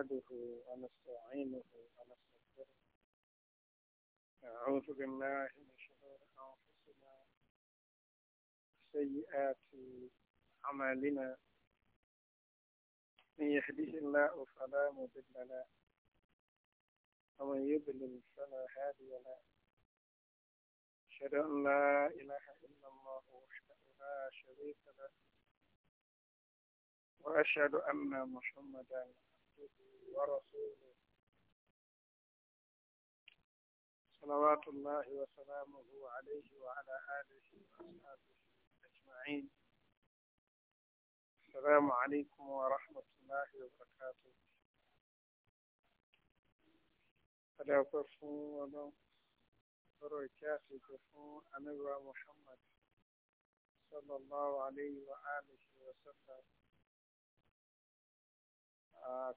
نحمده ونستعينه ونستغفره أعوذ بالله من شرور أنفسنا سيئات أعمالنا من يهده الله فلا مضل له ومن يضلل فلا هادي له أشهد أن لا إله إلا الله وحده لا شريك له وأشهد أن محمدا عبده ورسوله صلوات الله وسلامه عليه وعلى آله وأصحابه أجمعين السلام عليكم ورحمة الله وبركاته ألا تفهم ولو كافي تفهم أنبوى محمد صلى الله عليه وآله وسلم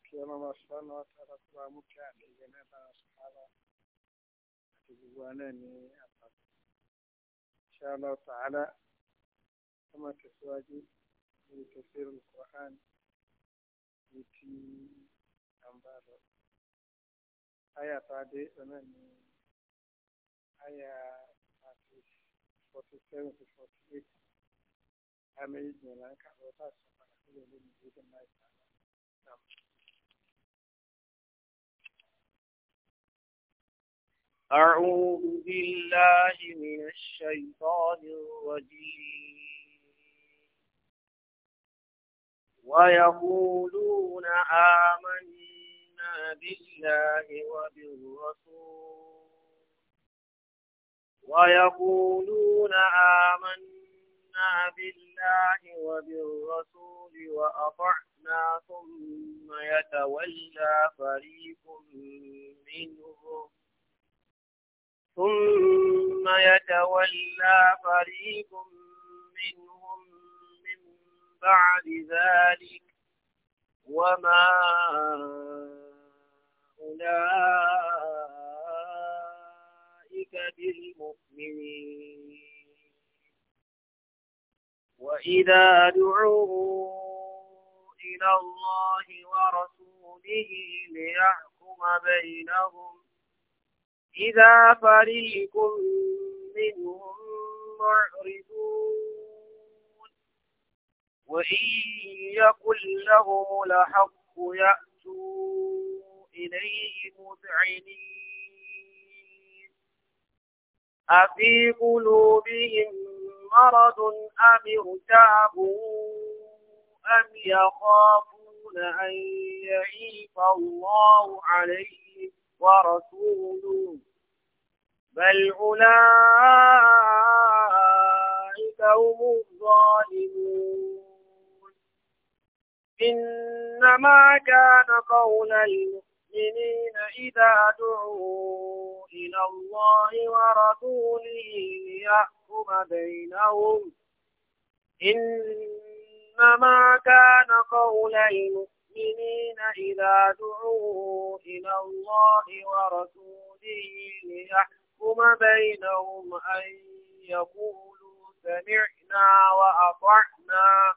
kí ọlọ́mọ sọ́nà tọ́lọ́kọ́ wa mú kí àtẹ̀yẹ mẹ́ta sọ́nà àti gbogbo alẹ́ ní àpapọ̀. Insha Allah Ta'ala ọmọ tẹ̀síwájú lórí tafsir al-Qur'an ní ti àǹbá lọ. Aya tá a dé ọ̀nà ní aya àti forty seven to forty eight. Aya méjì jìnnà ń kà lọ́tà sọ̀rọ̀ àti ìlú ìlú ìdílé náà. أعوذ بالله من الشيطان الرجيم ويقولون آمنا بالله وبالرسول ويقولون آمنا آمنا بالله وبالرسول وأطعنا ثم يتولى فريق منهم ثم يتولى فريق منهم من بعد ذلك وما أولئك بالمؤمنين وإذا دعوا إلى الله ورسوله ليحكم بينهم إذا فريق منهم معرضون وإن يقل لهم الحق يأتوا إليه مذعنين أفي قلوبهم مرض أم ارتابوا أم يخافون أن يعيف الله عليهم ورسوله بل أولئك هم الظالمون إنما كان قول المؤمنين إذا دعوا إلى الله ورسوله ليحكم بينهم إنما كان قول المؤمنين إذا دعوا إلى الله ورسوله ليحكم بينهم أن يقولوا سمعنا وأطعنا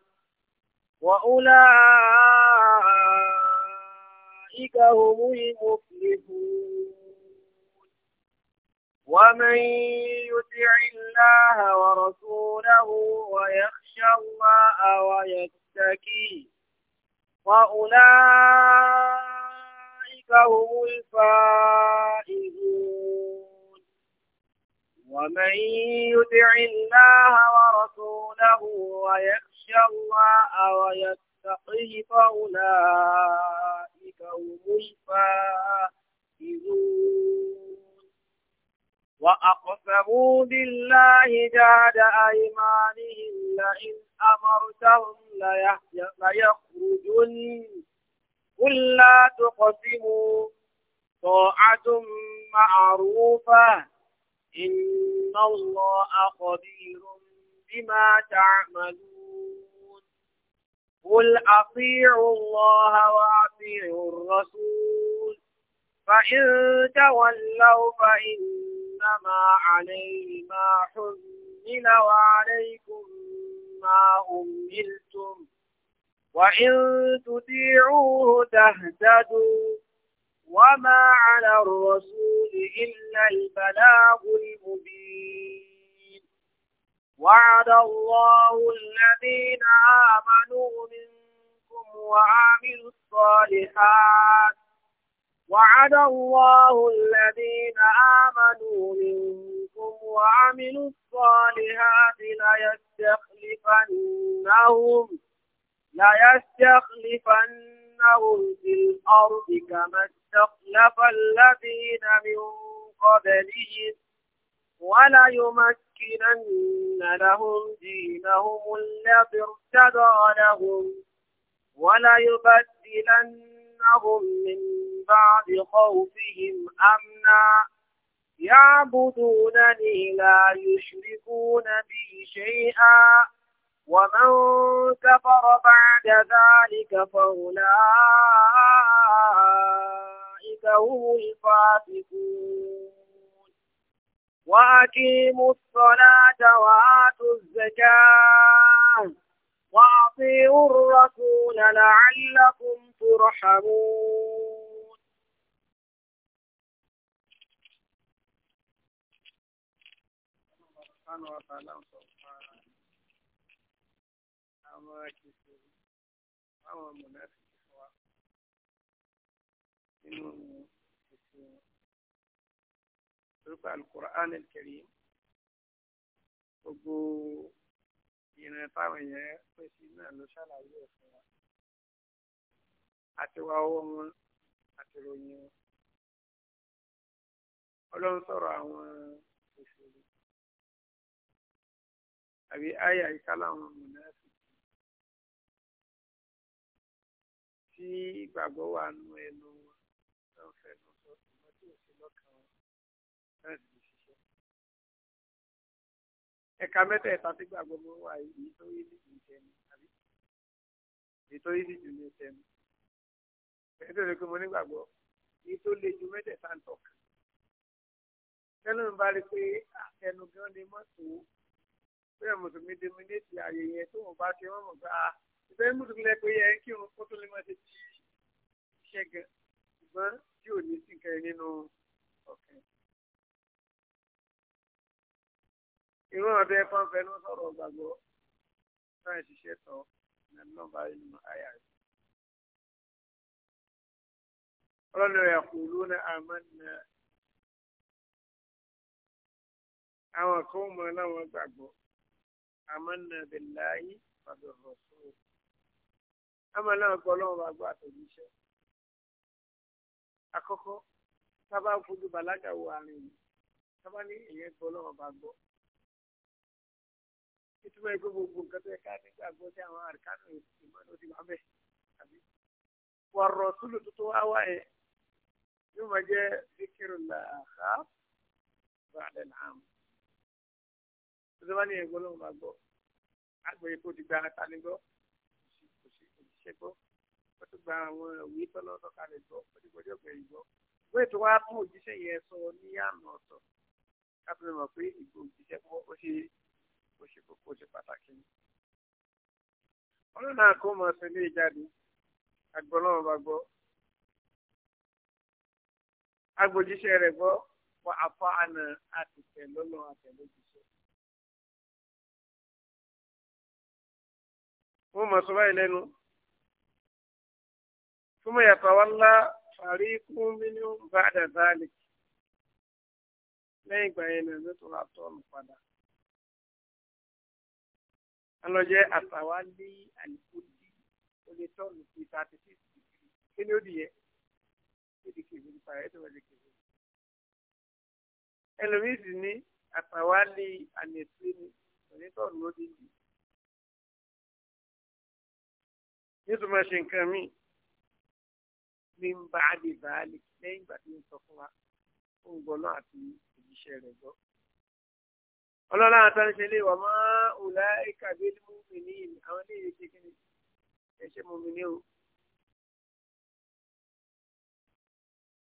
وأولئك هم المفلحون ومن يطع الله ورسوله ويخشى الله ويتقي واولئك هم الفائزون ومن يطع الله ورسوله ويخشى الله ويتقي فأولئك هم الفائزون وأقسموا بالله جاد أيمانهم لئن أمرتهم ليخرجن قل لا تقسموا طاعة معروفة إن الله قدير بما تعملون قل أطيعوا الله وأطيعوا الرسول فإن تولوا فإن إنما عليه ما حمل وعليكم ما أملتم وإن تطيعوه تهتدوا وما على الرسول إلا البلاغ المبين وعد الله الذين آمنوا منكم وعملوا الصالحات وعد الله الذين آمنوا منكم وعملوا الصالحات ليستخلفنهم ليستخلفنهم في الأرض كما استخلف الذين من قبلهم وليمكنن لهم دينهم الذي ارتدى لهم وليبدلنهم من بعد خوفهم أمنا يعبدونني لا يشركون بي شيئا ومن كفر بعد ذلك فأولئك هم الفاسقون وأقيموا الصلاة وآتوا الزكاة وأطيعوا الرسول لعلكم ترحمون subhanahu wa ta'ala ń sọ fún ara àwọn kìsìrì àwọn mọ̀lẹ́sì fún wa nínú kìsìrì orúkọ al-Qur'an al-Karim gbogbo ìrìn táwọn èèyàn pèsè náà ló ṣàlàyé ẹ̀ fún wa àti wá owó ọlọ́run sọ̀rọ̀ àwọn òṣèlú àbí àyà ìkàláwọn mùnáfíkì tí ìgbàgbọ́ wà nù ẹnu wọn náà fẹnu sọ ṣùgbọ́n tí ò sí lọ́kàn wọn náà sì ṣiṣẹ́. ẹ̀ka mẹ́tẹ̀ẹ̀ta tí gbàgbọ́ mọ́ wà yìí tó yí sí jù tẹ̀mí àbí èyí tó yí sí jù tẹ̀mí. ẹ̀yìn tó lè pé mo nígbàgbọ́ èyí tó le ju mẹ́tẹ̀ẹ̀ta ń tọ̀kàn. tẹ́lẹ̀ ń bá rí pé àtẹnugán lè mọ̀ tó bẹ́ẹ̀ mùsùlùmí dominate ààyè yẹn tó wọn bá ṣe wọ́n mọ̀ pé ah ìfẹ́ mùsùlùmí lẹ pé yẹn kí wọn kótó lè má ṣe ti iṣẹ́ gan ṣùgbọ́n tí ò ní sí nǹkan yẹn nínú ọ̀kẹ́. irú ọ̀dọ́ ẹ̀fọn fẹnu sọ̀rọ̀ gbàgbọ́ náà ṣiṣẹ́ tọ́ nàbà nínú àyà rẹ̀. ọlọ́nà rẹ̀ kò lónà àmọ́ nà àwọn kan mọ̀ láwọn gbàgbọ́ amanna billahi wa bi rasul àmọ́ náà gbọ́ lọ́wọ́ bá gbọ́ àtẹ̀jíṣẹ́ àkọ́kọ́ sábà fojú bàlágà wo àárín yìí sábà ní ìyẹn gbọ́ lọ́wọ́ bá gbọ́ ìtumọ̀ ẹgbẹ́ gbogbo nǹkan tó yẹ ká nígbà gbọ́ sí àwọn àríkánú ìmọ̀nà òdì wà mẹ́ àbí wà rọ̀ túlù tó tó wá wá yẹ yóò máa jẹ́ zikiru làhá bàdẹ̀ làámu tó bá ní ẹ̀gbọ́n lóun máa gbọ́ agbèrè kó ti gba ata ní gbọ́ kò sí òṣìṣẹ́ gbọ́ ó ti gba àwọn òwe tọ́lọ́ tọ́kalẹ̀ gbọ́ ó ti gbọ́dọ̀ gbẹ̀yìn gbọ́ ìwé ètò wa fún òjíṣẹ́ yẹn sọ ní àná ọ̀tọ̀ káfíń mọ̀ pé ìgbò òjíṣẹ́ gbọ́ ó ṣe ó ṣe kókó ṣe pàtàkì ni. ọlọ́run àkó mọ̀ sí ilé ìjáde àgbọ̀ náà bá gbọ́ agbòjíṣẹ́ rẹ̀ gbọ́ wọ́n àfọ àna àtìtẹ̀ lọ́nà àtẹ̀lójì wọ́n mọ̀ sọ báyìí lẹ́nu. ثم يتولى فريق منهم بعد ذلك lẹ́yìn ìgbà yẹn náà ló tún ra tọ́ọ̀nù padà. alọ́jẹ́ àtàwá lé àlùkò dí olè tọ́ọ̀nù sí thirty six degree kí ni ó di yẹ kí ni kìí fi parẹ́ tó wọlé kìí fi. ẹlòmíì sì ní àtàwá lé àlùkò ní onítọ̀ọ̀nù ló dé yìí. nítorí máa ṣe nǹkan míì ní ń bá àdè báàlì lẹ́yìn ìgbà tí ń sọ fún wa ó ń gbọ́nà àti òjíṣẹ́ rẹ̀ gbọ́. ọlọ́lá àtàǹṣe lè wà má òlà ìkàgbé ní mùmí ní ìlú àwọn ilé ìwé kékeré ẹṣẹ mùmí ní o.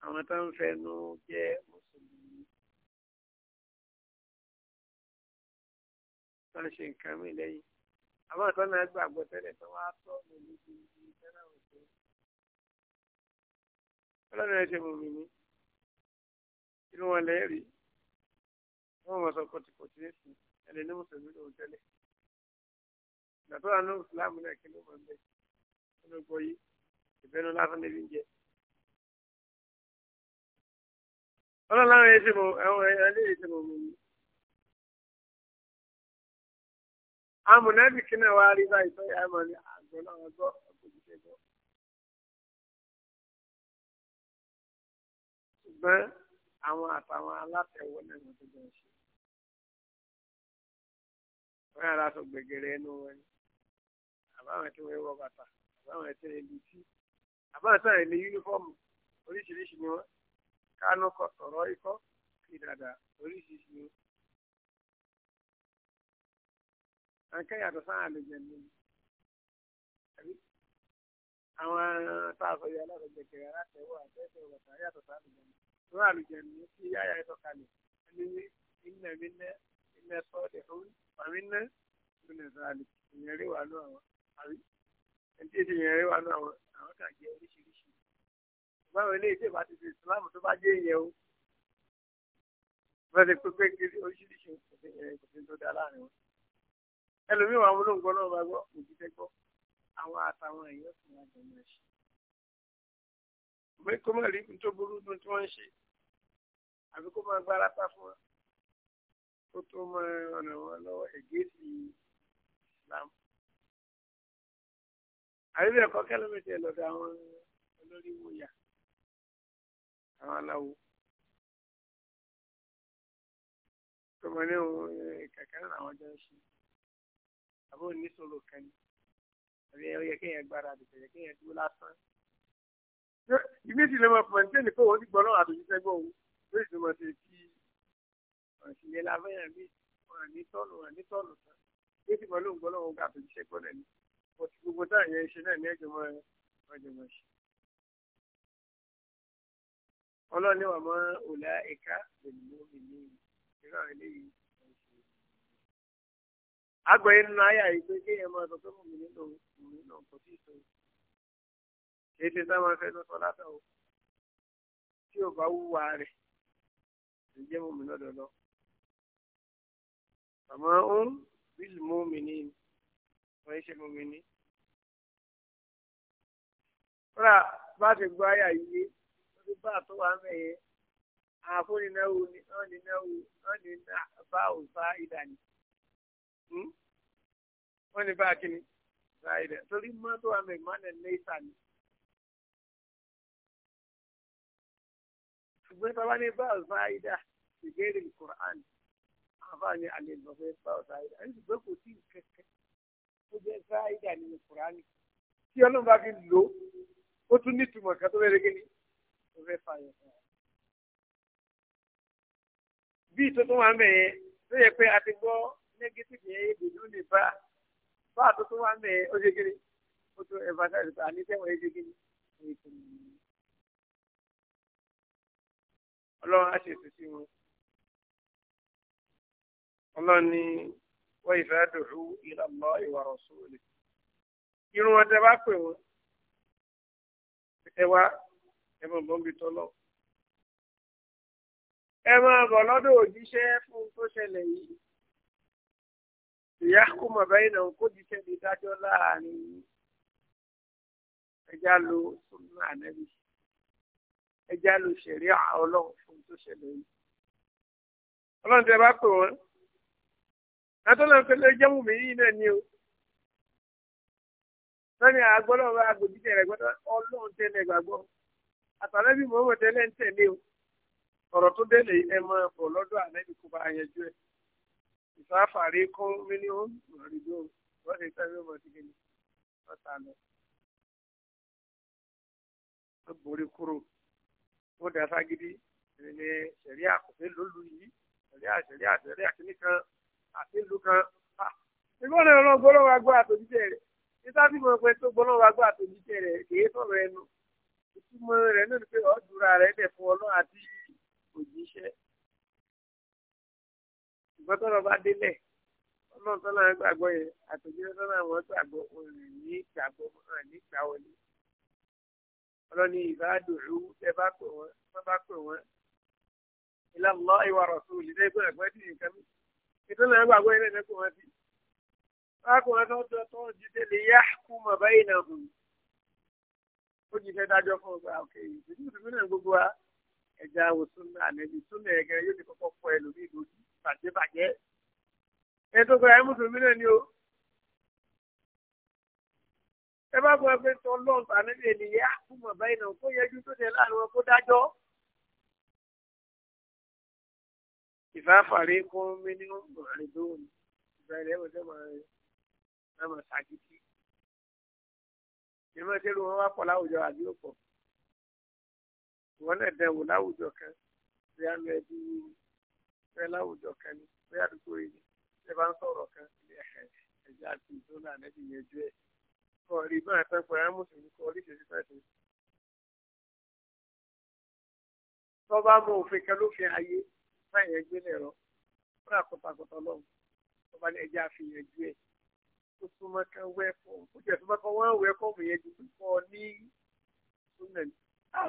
àwọn tó ń fẹnu jẹ́ mùsùlùmí. táǹṣe nǹkan míì lẹ́yìn àwọn ìtọ́ náà gbàgbọ́ tẹ́lẹ̀ tó wá tọ́ mi ní ti ní tẹ́lẹ̀ òkè ọlọ́run ẹ ṣe mú mi ní inú wọn lẹ́ẹ̀rí wọn mọ̀ sọ kọtìkọtì èsì ẹni ní mùsùlùmí lòun tẹ́lẹ̀ ìgbà tó wà ní ìsìlámù náà kí ló mọ̀ ń bẹ̀ nínú gbọ́ yìí ìbẹ́nu lásán níbi ń jẹ. ọlọ́run ẹ ṣe mú ẹ ẹ lè ṣe mú mi ní. amúnẹ́bìkì náà wá rí báyìí tó yà á mọ̀ ní àgbọ̀ náà gbọ́ àgbòjúṣe gbọ́. ṣùgbọ́n àwọn àtàwọn alátẹ̀wọ́ náà ló ti bẹ̀rẹ̀ ṣe. wọ́n yàrá tó gbẹ̀gẹ̀rẹ̀ ẹnu wọn ni àbáwọn tí wọ́n wọ bàtà àbáwọn tí wọ́n lu tí àbáwọn tí wọ́n lu yúnífọ́ọ̀mù oríṣiríṣi ni wọ́n kánú kọ̀ sọ̀rọ̀ ikọ́ kí oríṣiríṣi ni wọ́n. nǹkan yàtọ̀ sáà lè jẹ ní àwọn táàfọ̀ yìí alábẹ̀jẹ̀ kẹrẹ alátẹ̀wọ̀ àtẹ̀tẹ̀ wọ̀tà yàtọ̀ sáà lè jẹ ní ìwà àlùjẹ ní kí yáyà ẹ̀tọ́ kalẹ̀ ẹni ní iná mi ná iná sọ́ọ̀dẹ̀ fún àmì ná ìpínlẹ̀ sáàlì ìyẹn rí wà ní àwọn àrí ẹni tí ìyẹn rí wà ní àwọn àwọn kà jẹ oríṣiríṣi báwo ilé ìdè ti fi ìsìlámù tó bá jẹ́ ìyẹn o wọ́n ti pé pé oríṣiríṣi kò sí tó dá láàrin wọn ẹlòmíì wà wọlé nǹkan náà bá gbọ́ òjíṣẹ́ gbọ́ àwọn àtàwọn èèyàn sì máa jẹ máa ṣe òbí kó má rí ibi tó burú dun tí wọ́n ń ṣe àbí kó máa gbára pa fún wa kó tó máa ọ̀nà wọn lọ́wọ́ ẹ̀gẹ́ sí Islam àbíbí ẹ̀kọ́ kẹ́lẹ́mẹ̀tì ẹ̀ lọ́dọ̀ àwọn olórí wòyà àwọn aláwo tó máa ní òun eh, kẹ̀kẹ́ náà àwọn jọ ń àbó oníṣòro kan ni àbí ẹ yẹ kéèyàn gbára àdìgbò yẹ kéèyàn dúró lásán. ìmí sì lè mọ pọ̀ nítorí pé òun ti gbọ́ náà àtòjú sẹ́gbọ̀n òun ló sì mọ̀ sí kí ọ̀sìnlẹ̀ lábẹ́yàn mi ọ̀ràn ní tọ́nù ọ̀ràn ní tọ́nù tán ló sì mọ̀ lóun gbọ́ náà òun gbà àtòjú sẹ́gbọ̀n náà ni mo ti gbogbo táà yẹn ṣe náà ní ẹ̀jọ̀ mọ́ ẹ̀jọ̀ mọ́ ṣe. ọlọ́ni àgbẹ̀ yìí nínú àyà yìí pé kéèyàn máa sọ pé mo mì nínú mò ń nà kò tí ì tó kì í ṣe sá máa fẹ́ lọ sọ látà o tí ò bá wúwa rẹ̀ ǹjẹ́ mo mì lọ́dọ̀ lọ. àmọ́ ń bílì mú mi ní wọ́n ṣe mú mi ní. kódà bá ti gbọ́ àyà yìí wọ́n ti bá àtọ́wà mẹ́yẹ àfúnináwó ni wọ́n ní náwó wọ́n ní bá òǹfà ìdánì. Hmm? wọ́n ní bá a kíni báyìí dẹ̀ torí mọ́tò àmì ìmọ̀lẹ̀ lẹ́sà ni. ṣùgbọ́n bàbá ní bá ọ̀sán àyídá ìbéèrè Qur'an àfààní àlè lọ́fẹ́ bá ọ̀sán àyídá ẹni ṣùgbọ́n kò tí ì kẹ̀kẹ́ tó jẹ́ sá àyídá nínú Qur'an tí ọlọ́run bá fi lò ó tún ní ìtumọ̀ kan tó fẹ́ rege ni tó fẹ́ fà yẹn fún wa. bí ìtọ́tún wa mẹ́yẹn tó yẹ pé a ti gbọ́ nẹ́gẹ́tìfì yẹn èdè ló lè bá bá a tó tó wá ń bẹ̀ ó ṣe kiri ó tó ẹ̀fásáìlì pé àníṣẹ́wọ̀n yẹn ṣe kiri ọlọ́run á ṣètò sí wọn ọlọ́run ní wọ́n ìfẹ́ dùrú ìlànà ìwà ọ̀sùn òní irun wọn tẹ bá pè wọn ẹ wá ẹ mọ̀ bọ́m̀bì tọ́lọ̀ ẹ máa bọ̀ lọ́dọ̀ òjíṣẹ́ tó ṣẹlẹ̀ yìí ìyá kò mọ̀ báyìí náà kó jíṣẹ́ lè dájọ́ láàrin ẹja lo sunna ànábì ẹja lo ṣẹ̀ríà ọlọ́run fún tó ṣẹlẹ̀ yìí ọlọ́run tẹ bá pè wọ́n látọ́lá ń pẹ́lẹ́ jẹ́mú mi yìí náà ni o lọ́ni àgbọ́dọ̀ bá agbòjíṣẹ́ rẹ̀ gbọ́dọ̀ ọlọ́run ń tẹ̀lé o ọ̀rọ̀ tó délé ẹ máa bọ̀ lọ́dọ̀ ànábì kó bá yanjú ẹ̀ ìfáfàrí kún mílíọ̀n mọ̀rìndó wọ́n ti tẹ́lẹ̀ ọmọ ti gbìn wọ́n ta lọ. wọ́n borí kúrò wọ́n da fagidi ìrìnnì sẹ̀rí àkùnfẹ́ lólu yìí sẹ̀rí àṣẹ̀rí àṣẹ̀rí àṣẹ̀rí kan àti ìlú kan. ìgbọ́n náà lọ gbọ́dọ̀ wá gbọ́ àtòjíjẹ rẹ̀ títà bí mo pẹ tó gbọ́dọ̀ wá gbọ́ àtòjíjẹ rẹ̀ kìí sọ̀rọ̀ ẹnu ìtumọ̀ rẹ̀ náà ni pé ọ̀dùnrà rẹ̀ dẹ̀ fún ọlọ́ àti òjíṣẹ́ ṣùgbọ́n tọ́rọ̀ bá délẹ̀ ọlọ́run tó náà gbàgbọ́ yẹn àtòjúlẹ̀ tó náà wọ́n gbàgbọ́ òun ní ìgbàgbọ́ hàn ní ìgbàwọlé ọlọ́ni ìbádùrú ẹ bá pè wọ́n wọ́n bá pè wọ́n ilá lọ́ ìwà rọ̀sùn òlìdẹ́ ìgbọ́n ẹ̀gbọ́n ti nìkan mi ètò náà gbàgbọ́ yẹn lẹ́nu kò ti bákan tó tó tó jíde lè yá kú bàjẹ́bàjẹ́ ẹ tó gbé ayé mùsùlùmí náà ni o ẹ bá gbọ́ pé tọ́ lọ́n tà níbi ènìyàn àkùmọ̀ báyìí náà kó yẹjú tó tẹ láàrin wọn kó dájọ́. ìfẹ́ àfàrí kún mí ní ọ̀rẹ́ tó wù ìfẹ́ rẹ̀ wọ́n tẹ́ máa máa ṣàkìtì. ìmọ̀ ìṣèlú wọn wá pọ̀ láwùjọ àbí òpọ̀ ìwọ́n náà dẹ̀wò láwùjọ kan bí a lọ ẹbí ẹ láwùjọ kan ní bóyá àdúgbò yìí ẹ bá ń sọ̀rọ̀ kan ilé ẹ̀jẹ̀ àti ìdóná ànẹ́bí yẹn jú ẹ̀ kọ́ rí bá àtàn pẹ̀lú amúsùlùmí kọ́ oríṣiríṣi fẹ́ẹ̀sì. tó bá mọ òfin kan ló fi ayé báyẹn gbé lẹ̀rọ fún àkọ́tàkọ́tà lọ́wọ́ tó ní ẹjẹ́ àfihàn jú ẹ̀ tó súnmọ́ kan wẹ́ fọ́ọ̀mù jẹ́ tó bá wọ́n wẹ́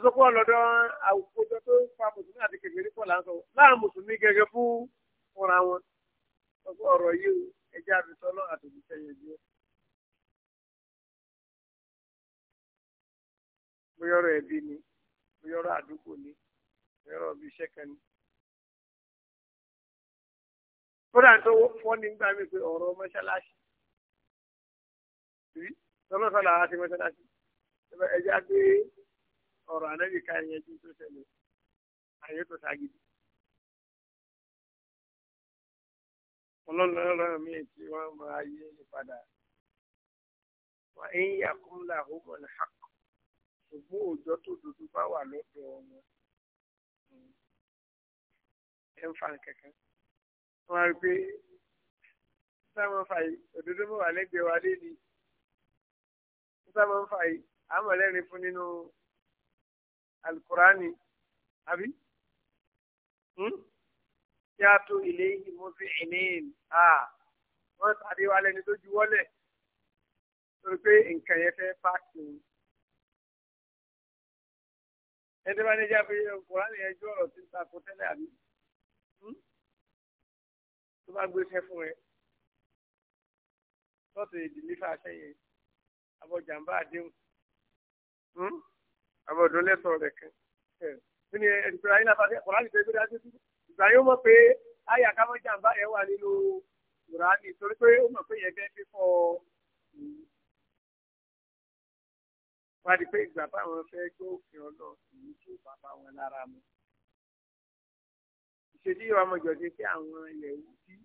àsopọ̀ lọ́dọ̀ àwùjọ tó ń fa mùsùlùmí àti kèfèrí pọ̀ là ń sọ láà mùsùlùmí gẹ́gẹ́ fún fúnra wọn ọgbọ́n ọ̀rọ̀ yìí ẹja àbísọ́nà àtòjíṣẹ́ yẹn jẹ́. bóyá ẹbí ni bóyá ọ̀rọ̀ àdúgbò ni bóyá ọ̀rọ̀ ibi iṣẹ́ ni. kódà tó wọ́n ní gbà mí pé ọ̀rọ̀ mọ́ṣáláṣí tọ́lọ́sọ̀lá àti mọ́ṣáláṣí ẹja gbé ọ̀rọ̀ ànábì ká ẹ̀yẹ ju tó ṣẹlẹ̀ àyè tó ṣàgídí. ọlọ́run ọ̀rọ̀ mi tí wọ́n máa yé ni padà wà ń yà kún làhùmọ̀ ní hàk ṣùgbọ́n òòjọ́ tó dúdú bá wà lọ́dọ̀ ọmọ ẹ̀ ń fa kankan wọ́n á rí pé sáwọn fàyè òdodo mọ̀ wà lẹ́gbẹ̀ẹ́ wa lé ní sáwọn fàyè àmọ̀lẹ́rin fún nínú. No alukurani àbí kí a tó ilé yìí ah. fi ìnín wọn tàbí wà lẹni tó juwọlẹ torí pé nǹkan yẹn fẹ́ fáàkì ni ẹni bá ní jáfe alukurani yẹn ju ọ̀rọ̀ tí ń takò tẹ́lẹ̀ àbí hmm? tó bá gbéṣẹ́ fún ẹ tọ́tù ìdílé fàṣẹ yẹn àbọ̀jàmbá àdéhùn. Hmm? àwọn ọ̀dọ́ lẹ́tọ̀ọ́ rẹ̀ kan kí ni ìpínlẹ̀ ayé lápá kùránì tó gbéra dé dúró ìgbà yóò mọ̀ pé ayé àkàmọ́ jàǹbá ẹ̀ wà nínú kùránì torí pé ó mọ̀ pé yẹn fẹ́ fífọ́ wá di pé ìgbà táwọn fẹ́ gbé òfin ọlọ́ ìlú tó bàbá wọn lára mu ìṣèjì yóò wá mọ̀ jọ̀dí pé àwọn ilẹ̀ ìwúdí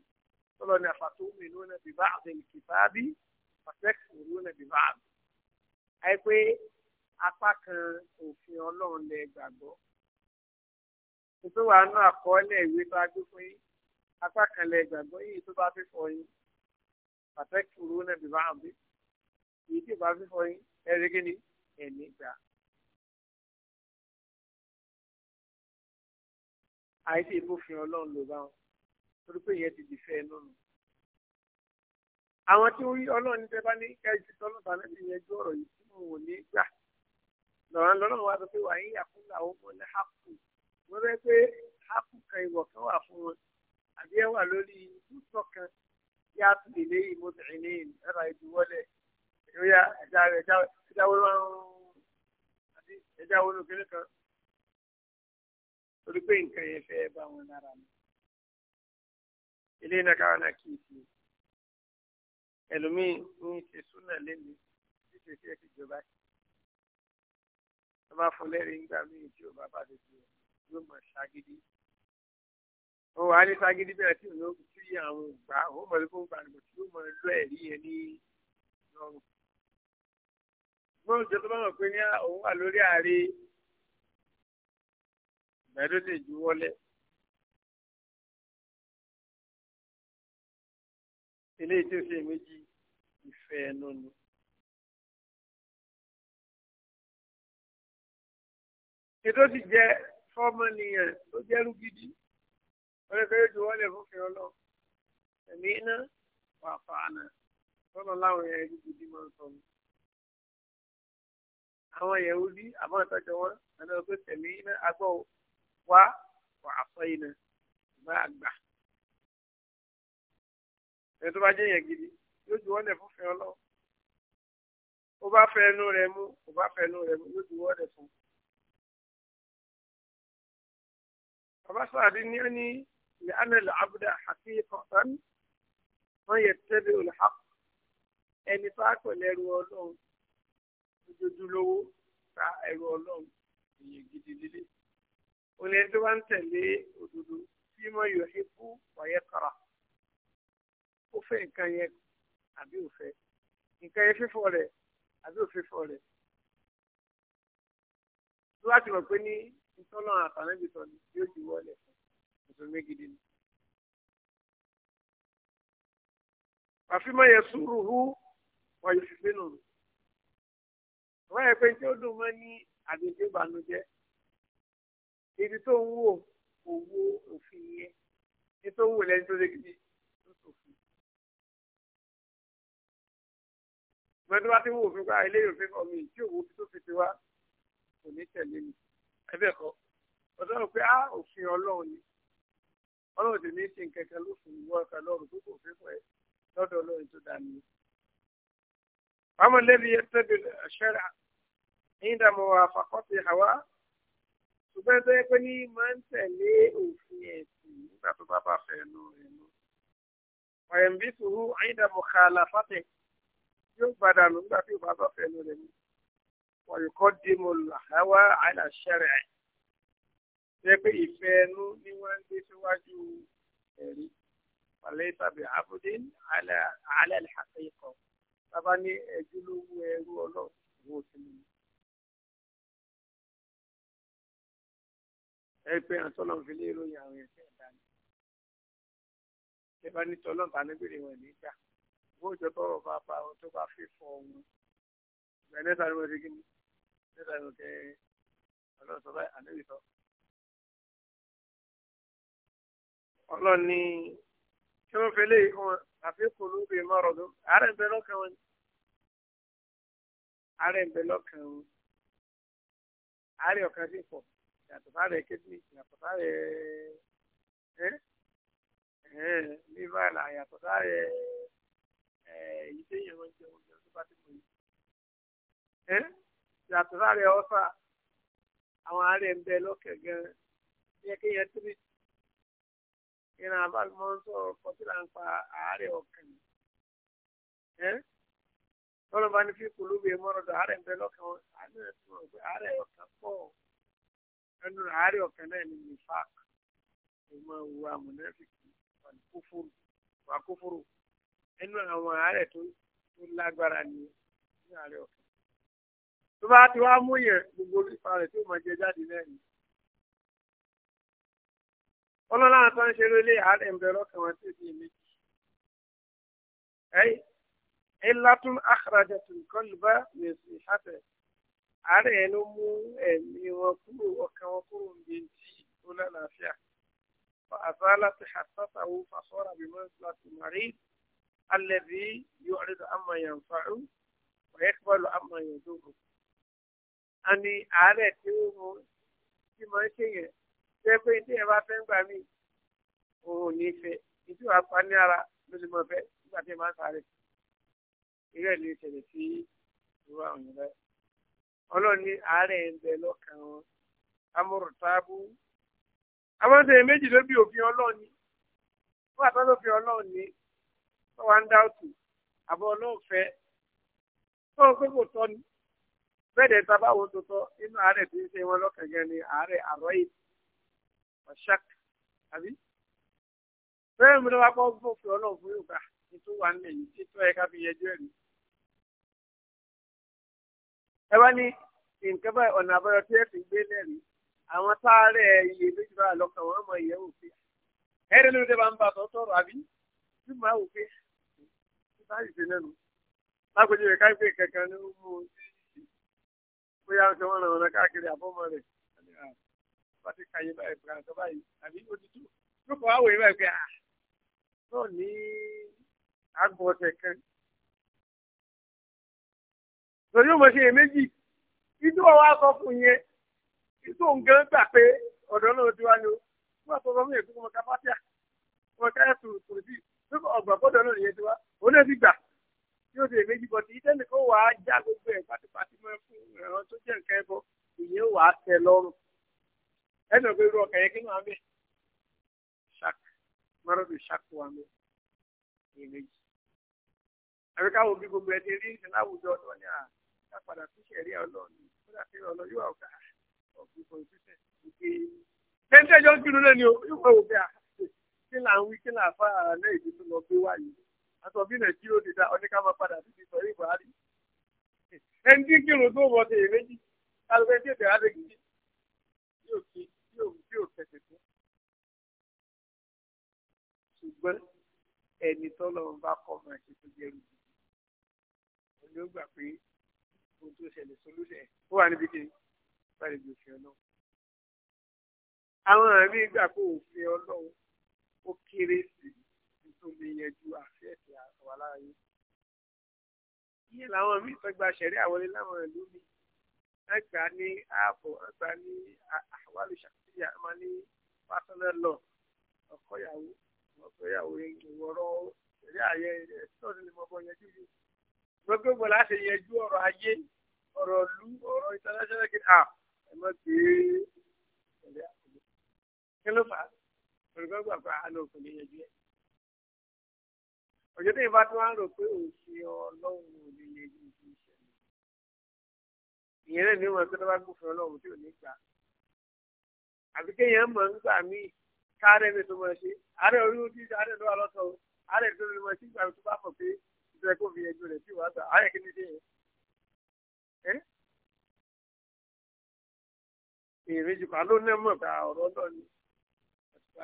tọ́lọ́ ní àfàtó mìíràn náà bíbá àbẹ̀lì kìfà bí pàṣẹ kìfà náà apá kan òfin ọlọ́run lẹ gbàgbọ́ tó wàá nú àkọọ́lẹ̀ ìwé tó a gbé fún yín apá kan lẹ gbàgbọ́ yìí tó bá fi fọ yín pàtàkì òru náà bí bá hàn bí èyí tí bá fi fọ yín ẹrẹ́gẹ́ ni ẹ̀mí gbà. àìsí ìbófin ọlọ́run ló bá wọn torí pé ìyẹn ti di fẹ́ ẹnu àwọn tí ó rí ọlọ́run ní tẹ́ bá ní kẹ́hìn tọ́lọ́ta náà ti yẹn ọ̀rọ̀ yìí tí mo wò ní gbà lọ́rọ̀ lọ́rọ̀ wa sọ pé wàá yíyà fún làwọn ọmọ ní hapu wọ́n rẹ́ pé hapu kan ìwọ̀ kan wà fún wọn àbí ẹ wà lórí ìtúsọ kan tí a tún lè lé ìmọ̀tìrín ní ẹ̀rọ ìdíwọ́lẹ̀ ìròyà ẹ̀dá rẹ̀ ẹ̀dá wọ́n máa ń àti ẹ̀dá wọ́n òkèlè kan torí pé nǹkan yẹn fẹ́ bá wọn lára mi ilé iná káwọn náà kì í fi ẹlòmíín ń ṣe súnà lẹ́nu títí sí ẹ̀kíjọba yìí tó bá fún lẹ́rìí nígbà míì tí ò bá bá tètè yóò mọ̀ ṣàgídí. ó wàá ní ṣàgídí bẹ́ẹ̀ tí òun tí àwọn ògbà ó mọ̀ lóko gbà nígbà tí ó mọ̀ lọ ẹ̀rí yẹn ní lọ́rùn. ṣùgbọ́n òjò tó bá mọ̀ pé ní òun wà lórí ààrẹ ìgbàdo lè ju wọlé. eléyìí tó ṣe méjì ìfẹ́ ẹnu ni. ètò sì jẹ fọmọnìyàn tó jẹrú gidi ọlọ́kẹ́rẹ́ ju wọlé fúnfẹ́ ọlọ́run ẹ̀mí iná wà fàánà tọ́nà láwọn yẹn ẹ̀rí gidi máa ń sọ mi. àwọn yẹn wúdí àbọ̀n ìtọ́jọ wọn ẹni ọ̀pẹ tẹ̀mí iná agbọ́ wá wà àfọ́ iná ìgbà àgbà. ẹni tó bá jẹ́ yẹn gidi yóò ju wọlé fúnfẹ́ ọlọ́run ó bá fẹ́ ẹnu rẹ̀ mú ó bá fẹ́ ẹnu rẹ̀ mú yóò ju wọlé fún un. البصري يعني لأن العبد حقيقة من يتبع الحق ẹni tó àpè lẹ́rù ọlọ́run ojoojúlówó ta ẹrù ọlọ́run èyí gidi líle òun ẹni tó bá ń tẹ̀lé òdodo tí mo yọ ikú wáyé kara ó fẹ́ nǹkan yẹn àbí ó fẹ́ nǹkan yẹn fífọ́ rẹ̀ àbí ó fífọ́ rẹ̀ tó bá ti mọ̀ pé ní ìtọ́nà àtàlẹ́bí sọ ni yóò ju wọlé fún mùsùlùmí gidi ni. àfimọ́ yẹn sùúrù hù wáyé fífẹ́ nù. wọ́n yẹ pé tí ó dùn mọ́ ní àgbègbè ìbànújẹ́ ibi tó ń wò owó òfin yẹn ibi tó ń wò lẹ́yìn tó lé gidi tó sòfin. mọ́tò wá ti wò òfin pa ah, eléyìí òfin kọ́ mi tí òwò tó fi ti wá kò ní tẹ̀lé mi ẹbẹ kọ ọlọ́run pé á òfin ọlọ́run ni ọlọ́run tèmi ti ń kẹkẹ lófin ìwọ ọkà lọ́rùn tó kò fẹ́ fún ẹ lọ́dọ̀ ọlọ́run tó dá mi. wàá lẹ́bi ẹtẹ́bi ṣẹ́ra ní ìdààmú àfàkọ́sí àwa ṣùgbọ́n tó yẹ pé ní máa ń tẹ̀lé òfin ẹ̀sìn nígbà tó bá bá fẹ́ nu rẹ̀ ọ̀yẹ̀mbí sùúrù àyíndàmú kàlà fàtẹ̀ yóò gbàdánù nígbà tó bá bá fẹ́ nu rẹ̀ ويقدم الهوى على الشرع pé ìfẹ́ ẹnu ni wọ́n ń gbé síwájú ẹ̀rí pàlẹ́tà bí abudin alẹ́ àlàkà ikọ̀ bàbá ní ẹ̀dúlówó ẹrú ọlọ́run ò sí mi. ẹ pé àtọ́lọ́ fi lé ìròyìn àwọn ẹ̀fẹ́ ìdáni. ìjọba ní tọ́lọ́ bá níbèrè wọn nígbà bó ìjọba ọba bá wọn tó bá fi fọ wọn. ìgbà mẹ́ta ni wọ́n ti gbé nígbà yóò kẹ́ ọlọ́run sọ báyìí ànábì sọ. ọlọ́run ní kí wọ́n fi léyìí fún wọn àfi kùlù bíi mọ́rọ̀ tó àárẹ̀ ń bẹ lọ́kàn wọn àárẹ̀ ń bẹ lọ́kàn wọn àárẹ̀ ọ̀kan sí pọ̀ yàtọ̀ sáré kidney yàtọ̀ sáré ẹ́ ẹ́ liver yàtọ̀ sáré ẹ́ èyí jẹun jẹun tó bá ti mọ̀ yìí yàtọ̀ láre ọ́fà àwọn àárẹ̀ ń bẹ lọ́kẹ̀ gan-an yẹ kí yẹn tírí ìran abálùmọ́ ń sọ̀rọ̀ kọtílà ń pa àárẹ̀ ọ̀kàn ẹ́ lọ́nà bá ní fi kùlú bíi mọ́rọ̀dọ̀ àárẹ̀ ń bẹ lọ́kẹ̀ wọn àárẹ̀ ń sọ̀rọ̀ pé àárẹ̀ ọ̀kàn pọ̀ ẹnu àárẹ̀ ọ̀kàn náà ní nifak ìmọ̀ òwúwa mọ̀nẹ́fìkì wà kófòrò ẹnu àwọn àárẹ̀ tó lágbára ní àárẹ̀ ọ̀kàn tó bá ti wá mú yẹn gbogbo orípa rẹ̀ tí ó máa jẹ jáde lẹ́yìn. ọlọ́lá àtọ́ ń ṣe lólé àárẹ̀ ń bẹ lọ́kàn wọn sí ìdí méjì. ẹ̀yìn ilatun akhrajatun kọlba mẹsì hafẹ àárẹ̀ yẹn ló mú ẹ̀mí wọn kúrò ọkàn wọn kúrò ní ti ó fàáfà láti hasasa wo fàṣọra bímọ láti mari alẹ́ bí yọ̀ọ́rẹ́dọ̀ àmọ̀ yẹn fàáhùn wọ́n yẹ kí wọ́n lọ àmọ̀ yẹn dógò. Ani ní àárẹ̀ tí ó mú tí mo ń ṣe yẹn ṣe pé tí ẹ bá fẹ́ ń gbà mí òun ò ní fẹ́ ìtú àpá ní ara ló ti mọ̀ fẹ́ nígbà tí ẹ máa ń sáré irú ẹ̀ lè ṣẹlẹ̀ sí irú àwọn yẹn báyìí ọlọ́run ní àárẹ̀ ń bẹ lọ́kàn wọn amúrò táàbù àwọn ọ̀sẹ̀ méjì ló bí òfin ọlọ́run ní fún àtọ́jú òfin ọlọ́run ní wọ́n wá ń dáwọ́tì àbọ̀ ọlọ́run fẹ́ fún ọgbẹ́ kò tọ́ ni bẹ́ẹ̀ dẹ̀ tábà wọn tó tọ́ inú àárẹ̀ tí ń ṣe wọn lọ́kàngán ni àárẹ̀ àrọ́ yìí ọ̀ṣak àbí. bẹ́ẹ̀ mi ló wá kọ́ fòfin ọlọ́run fún yorùbá ètò wà nílẹ̀ yìí tí tó yẹ ká fi yẹjú ẹ̀ rí. ẹ wá ní nǹkan báyìí ọ̀nà àbáyọ tí ẹ fi gbé lẹ́rí àwọn táàrẹ̀ iye méjì bá lọ́kàn wọn mọ ìyẹn wò pé ẹ̀rẹ́ ló dé bá ń bá tọ́ tọ̀rọ̀ àbí tí màá wò pé tí bá yìí ṣe lẹ́nu lágbèjì rẹ̀ ká gbé kankan bóyá ń sọ wọn ràn wọn káàkiri àbọ̀mọ rẹ̀ bá ti kàyé báyìí bùrà sọ báyìí àbí òtútù lóko àwò yìí báyìí pé à ah, náà ní àgbọ̀ ọ̀sẹ̀ kan. lórí òmò ṣe èméjì ìdí wọn wá sọ fún yẹn ìtò nǹkan gbà pé ọ̀dọ́ náà ti wá ní o wọn sọ fún mi èkó ọmọ kápátíà ọmọ káyà tòrò lóko ọgbà bọ́dọ̀ náà nìyẹn ti wá òun náà ti gbà yóò ṣe méjì bọ̀ tí ìtẹ́lẹ̀ kó wàá já gbogbo ẹ̀ pátípátí mọ́ fún ẹ̀rọ tó jẹ́ nǹkan ẹbọ ìyẹn wà á tẹ lọ́rùn ẹnì ọ̀gbẹ́ irú ọkàn yẹn kí ni wàá mẹ́ ṣak mọ́rọ́dù ṣak wà mẹ́ ìyẹn méjì. àbí káwọn òbí gbogbo ẹ̀ ti rí ìṣẹ̀ láwùjọ ọ̀dọ́ ní à ká padà sí ṣẹ̀rí ọlọ́ọ̀ni kódà sí ọlọ́ọ̀ yóò ọ̀gá ọ̀gbìn kò tẹ́ńtẹ́jọ́ kí á lẹ́yìn tó lọ àtọ̀ bí nàìjíríà ó lè dá ọ̀nìkà máa padà sí ti sọ yìí buhari. ẹni tí kírun tó wọ tèrè méjì alùpùpù ẹni tí èdè adé kìí yóò kí yóò yóò tẹ̀sẹ̀ tó. ṣùgbọ́n ẹni tọ́lọ́ bá kọ́ máa ṣe tó jẹ́rù jù ló gbà pé ohun tó ṣẹlẹ̀ solúṣẹ̀ ó wà níbi kí wọ́n lè gbèsè ọlọ́run. àwọn àmì ìgbà kó òfin ọlọ́run ó kéré sí i tó lè yanjú àfẹ́ẹ̀tì àwa lára yìí ìyẹn làwọn míì tó gba ṣẹ̀rí àwọlé láwọn ìlú mi wọ́n gbà ní ààbò wọ́n gbà ní àwálù ṣàkóso àmọ́ ní pásánà lọ ọkọ ìyàwó ọkọ ìyàwó ìwọ̀rọ̀ ṣẹ̀rí àyẹ ẹ̀sọ́ ni mo bọ̀ yanjú mi gbogbo gbọ́ láti yanjú ọ̀rọ̀ ayé ọ̀rọ̀ ìlú ọ̀rọ̀ international kí ló fà á olùkọ́ gbà àánú òfin yanjú ẹ̀ ọjọ́ tó yẹ bá tí wọ́n á rò pé òun ṣe ọlọ́run ò lè lè ní ìdí ìṣẹ̀lẹ̀ ìyẹn náà ní wọn pé tó bá gbófin ọlọ́run tí ò ní gbà àbí kéèyàn mọ̀ ń gbà mí káàárẹ̀ mi tó mọ̀ ṣe àárẹ̀ orí ojú àárẹ̀ ló wà lọ́tọ̀ o àárẹ̀ tó lè mọ̀ sí ìgbà tó bá pọ̀ pé ìṣẹ́ kó fi ẹjọ́ rẹ̀ sí wàá gbà àárẹ̀ kí ni dé yẹn. èrè jù kàló mọ̀ gbà ọ̀rọ̀ ọlọ́run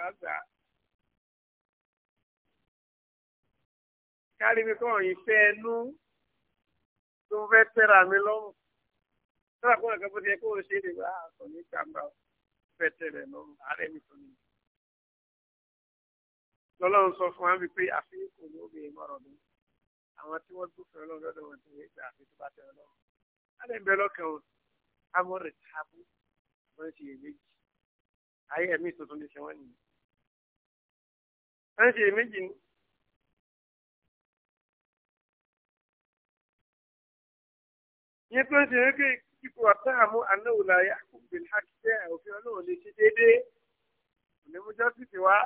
àgbà kárí mi kọ́ ìfẹ́ ẹnu tó fẹ́ tẹ́ra mi lọ́rùn tọ́lá kó nǹkan bó ti yẹ kó o ṣe lè wá àtọ̀ ní kàmbá fẹ́ tẹ̀lé lọ́rùn ààrẹ mi tó nìyẹn. lọ́lọ́run sọ fún wa wípé àfihàn kò ní obìnrin mọ̀rọ̀ mi àwọn tí wọ́n dúpẹ́ ọlọ́run lọ́dọ̀ wọn ti lè gbà àfi tó bá tẹ̀ ọlọ́run. alẹ́ ń bẹ lọ́kàn o amọ̀rẹ̀ tábú wọ́n ti yè méjì ayé ẹ̀mí tuntun ti ìyẹn tó ṣe é ké kíkó àtààmú anáwòlá àkùnbìn àkíkẹ òfin Ọlọ́run lè ṣe déédéé ònàmújọ sì ti wá.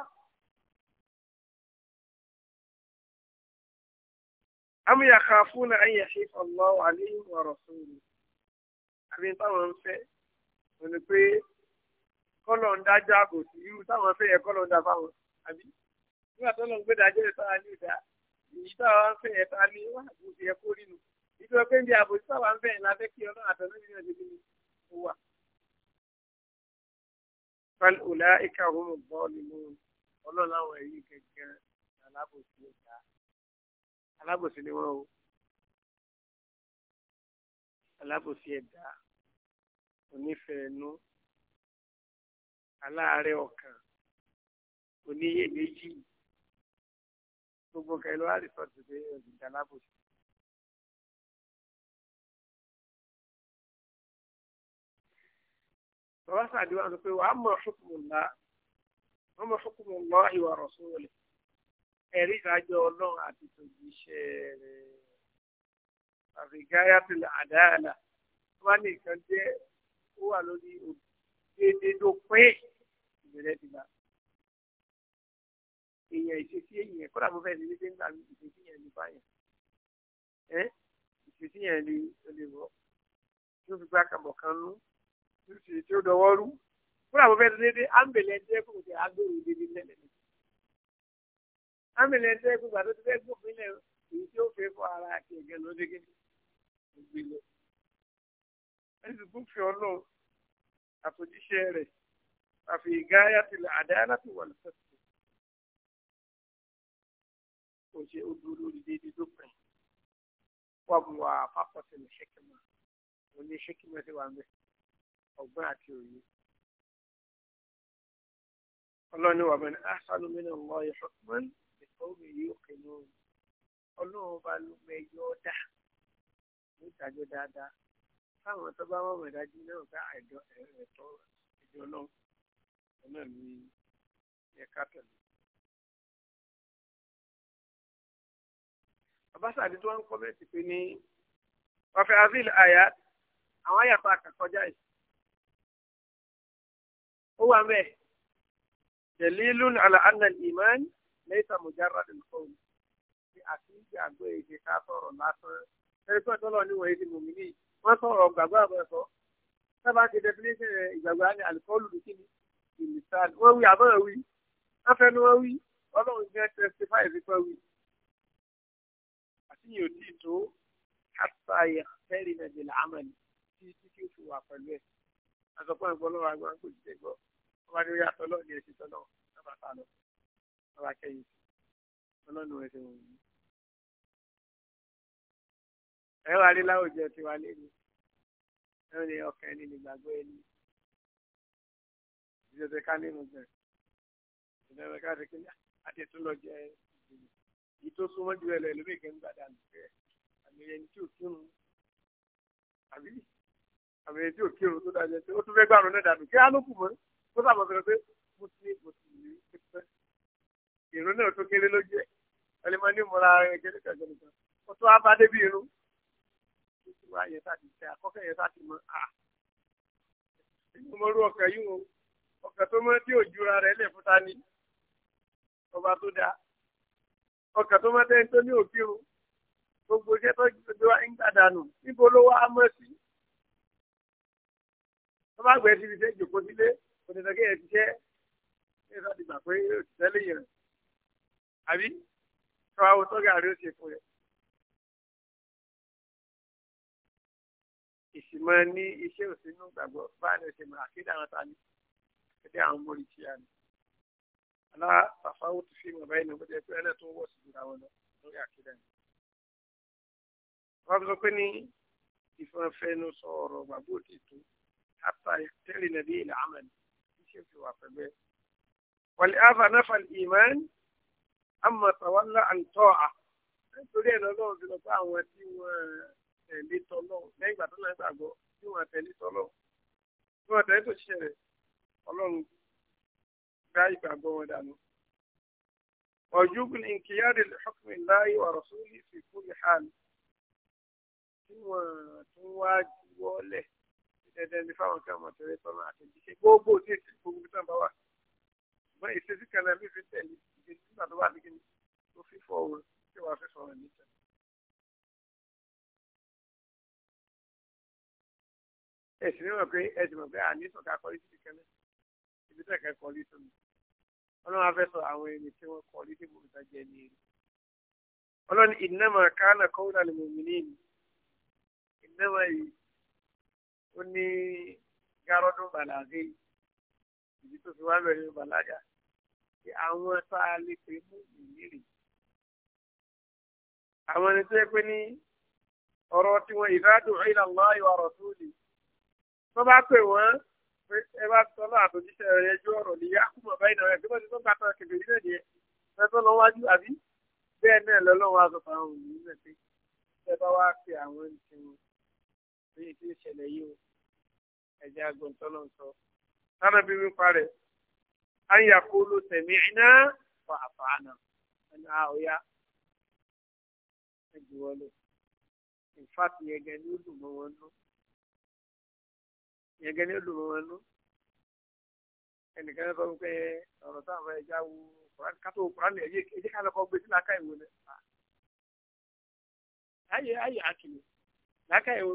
am yakhafuna an yahifa Allahu alayhim wa rasuluhu àbí táwọn ń fẹ́ wọn ni pé kọ́lọ̀ ń dájọ́ àbòsí irú táwọn fẹ́ yẹ kọ́lọ̀ ń dá fáwọn àbí nígbà tó lọ ń gbé dájọ́ ìtara ní ìdá èyí táwọn fẹ́ yẹ ta ní wàhálà kò ti yẹ kó rí nu ìdúró pé níbi àbòsí sábà ń bẹ̀ ní lábẹ́ kí ọlọ́run àtọ́nú nínú ìdílé ní ó wà. pẹ̀lú ọ̀la ìka òun gbọ́ nínú ọlọ́run àwọn ẹ̀yìn gẹ́gẹ́ alábòsí ẹ̀ka alábòsí ni wọ́n o alábòsí ẹ̀dá onífẹ̀ẹ́nu aláàárẹ̀ ọkàn oníyèméjì gbogbo kẹlẹ́ wàá rí sọ́ọ̀tù pé ẹ̀dùn ìdálábòsí. bàbá sàdé wà ní pé wàá mọ̀ ṣùkùmùlá wọ́n mọ̀ ṣùkùmùlá ìwà rọ̀ṣúnwọlé ẹ̀rí ìdájọ́ ọlọ́run àti tòjú iṣẹ́ rẹ̀ àfigáyàtìlẹ̀ àdáyàlà wọ́n ní nǹkan jẹ́ ó wà lórí òdìdó pé ìbẹ̀rẹ̀ ti gbà èèyàn ìṣesí èèyàn kódà mo fẹ́ ní wípé nígbà mi ìṣesí yẹn ní báyẹn ìṣesí yẹn ní olè wọ́ tí ó fi gbá kàbọ̀ kan nú sì tí ó dọwọ́ rú fúnra bó fẹ́ tó dédé ámbẹ̀lẹ̀ ń tẹ́ kókò tẹ agbóhùn dédé tẹ́lẹ̀ ní. ámbẹ̀lẹ̀ ń tẹ́ kókò àti tó fẹ́ gbófin lẹ̀ èyí tí ó fẹ́ fọ ara àti ẹ̀gẹ́ ló dé gé ìgbìlẹ̀. ẹ̀sìn gbófin ọlọ́ àtòjíṣẹ́ rẹ̀ àfi ìgáyà tilẹ̀ àdáyà láti wà lọ́sọ̀tì. kò ṣe ó dúró lórí dédé tó pẹ̀ wà bùwà pápọ̀ sílẹ̀ ṣẹ́kìmọ̀ oníṣẹ́kìmọ̀ ti wà ń ọgbọ́n àti òye ọlọ́ni wà mẹ́rin ahsanu min Allahi hukman ìfọwọ́mi yìí òkè lórí ọlọ́run bá ló mẹ́jọ dá nítajọ́ dáadáa fáwọn tó bá wọ́n mọ̀ dájú náà bá ẹ̀dọ́ ẹ̀tọ́ ẹ̀dọ́ náà ọ̀nà mi ẹ̀ka tẹ̀lé. Ọbaṣàdé tó ń kọ́mẹ́ǹtì pé ní wàfẹ́ avil àyà àwọn àyàfà àkàkọ́jà yìí ó wà mẹ́ dalilun ala anna al-iman laysa mujarrad al-qawl ti àtúntì àgbo èdè ká sọ̀rọ̀ lásán ẹni tó tọ́lọ̀ ní wọ̀nyí ti mùmínì wọ́n sọ̀rọ̀ gbàgbọ́ àbọ̀ ẹ̀fọ́ sábà ti definition ìgbàgbọ́ àni alikọ́ọ̀lù ní kíni ìlìsàn wọ́n wí àbọ̀ wí wọ́n fẹ́ ni wọ́n wí ọlọ́run jẹ́ twenty five fẹ́ wí. àtìyàn ò tó àtàyà fẹ́rìmẹ̀dẹ̀lẹ̀ àmàlì tí asọ̀pọ̀ ẹ̀gbọ́n lọ́wọ́ agbára kò jíjẹ gbọ́ ọba ní orí atọ́ lọ́ọ̀ ní ẹ̀sìn tọ́lọ́ ọba ta lọ ọba kẹyìn ọlọ́nu ẹsẹ̀ wọn yìí. ẹ wá rí láwùjọ tí wàá lé ní ẹ ní ọkàn ẹni nígbàgbọ́ ẹni ìjọba ká nínú bẹ̀rẹ̀ ìjọba ká ti kíni àti ètò lọ jẹ èyí tó súnmọ́ ju ẹlẹ́ẹ̀lómi kẹ́ ń gbàdá àmì rẹ̀ àmì rẹ̀ tí ò túnú àbí àmì èyí tí ò kírun tó dájẹ́ pé o tún fẹ́ gbàrún náà dànù kí á ló kù mọ́ kó sábà bẹ̀rẹ̀ pé mo ti mo ti lè ṣe pẹ́ ìrún náà tó kéré lójú ẹ̀ ẹlẹ́mọ ní ìmúra rẹ̀ kéré kẹjọ nìkan ó tún á bá débi ìrún ó ti wá yẹn sáti tẹ àkọ́kẹ́ yẹn sáti mọ́ à inú mo rú ọkẹ́ yìí o ọkẹ́ tó mọ́ tí òjúra rẹ̀ lè fúta ní ọba tó dáa ọkẹ́ tó mọ́ tẹ́ tó ní òkírun gbogbo iṣẹ́ tó gbé wa ń gbàdánù níbo ló wá mọ́ sí tó bá gbẹ síbi tẹ́ jòkó sílé kò tẹ̀sán kí ẹ ti ṣẹ́ kí ẹ sọ ti gbà pé yóò ti tẹ́lẹ̀ yẹn rẹ̀ àbí tó bá wo tọ́gà rẹ̀ ó ṣe fún rẹ̀. ìsìnmọ́ ní iṣẹ́ òsínú gbàgbọ́ báyìí ó ṣe mọ àkéde àwọn tani àkéde àwọn mórí tí a ní. alá tàfáwò tó fi mọ̀ báyìí ní ọgbẹ́jẹ́ pé ẹlẹ́ tó wọ̀ sí ìdúrà lọ lórí àkéde àná. wọ́n sọ pé ní ìfọ̀nfẹ́nu sọ ọ̀rọ̀ gbàgbọ́ òtítọ́ حتى يقترن به العمل ولهذا نفى الإيمان أما تولى عن طاعة nítorí ẹ̀ lọ́lọ́run ti lọ fún àwọn tí wọ́n tẹ̀lé tọ́lọ́ lẹ́yìn ìgbà tó náà gbàgbọ́ tí wọ́n tẹ̀lé tọ́lọ́ tí wọ́n tẹ̀lé tó ṣiṣẹ́ rẹ̀ ọlọ́run dá ìgbàgbọ́ wọn dànù. ọ̀júgun ìkìyàdì lẹ́xọ́kùnmí láàyè ọ̀rọ̀ sórí ìfìkú ìhàn tí wọ́n tún wá juwọ́lẹ̀ ẹ̀dẹ̀ ní fáwọn kí ọmọ tẹ̀lé tọ́lá àtẹ̀jíṣẹ́ gbogbo òdì èsì gbogbo tó ń bá wà ṣùgbọ́n ìṣesí kan náà fífi tẹ̀lé ìṣesí nígbà tó wà ní kíni tó fífọ́ òru tí wàá fífọ́ rẹ̀ níta. ẹ̀sìn mímọ̀ pé ẹ̀sìn mọ̀ pé àní sọ̀kà kọ́lí sí kan náà ibi tẹ̀ kẹ́ kọ́lí tó mi ọlọ́run afẹ́ sọ àwọn ẹni tí wọ́n kọ́lí tí mo ta jẹ ní èrè ọlọ́run ìnáma kánà kọ́ńdà lè mọ̀ ó ní gárọ́dún bàlágé ìdí tó fi wá bẹ̀rẹ̀ ní bàlágà kí àwọn tá a lè pè mú ìrírí. àwọn ẹni tó yẹ pé ní ọ̀rọ̀ tiwọn ìdádùn ila Allah wa rasuli tó bá pè wọ́n ẹ bá sọ lọ àtòjíṣẹ́ rẹ ju ọ̀rọ̀ ní yàkùmọ̀ báyìí náà ẹ̀ tó bá ti tó ń bàtà kẹfẹ́ nílẹ̀ nìyẹn ẹ tó lọ wájú àbí bẹ́ẹ̀ náà lọ́lọ́wọ́ àtọ̀tà àwọn òní nílẹ̀ pé ẹ bá wá pe àwọn ẹni tí wọn ní ìṣẹ̀lẹ̀ yìí o ẹ̀jẹ̀ agbọ̀ntọ́lọ̀ sọ. sára bí wípa rẹ̀ á ń yàkó ló tẹ̀mí iná wà àfàànà ẹni a ò yá ẹjù wọlé ìfàtí yẹgẹ ní ó dùn mọ́ wọn nú yẹgẹ ní ó dùn wọn nú ẹnìkan sọ pé ọ̀rọ̀ táwọn ẹja wo kátó kúránì ẹ̀yẹ ẹ̀jẹ̀ ká lọ́kọ́ gbé sí làákà ìwò ni. ayé ayé àkìlẹ̀ làákà ìwò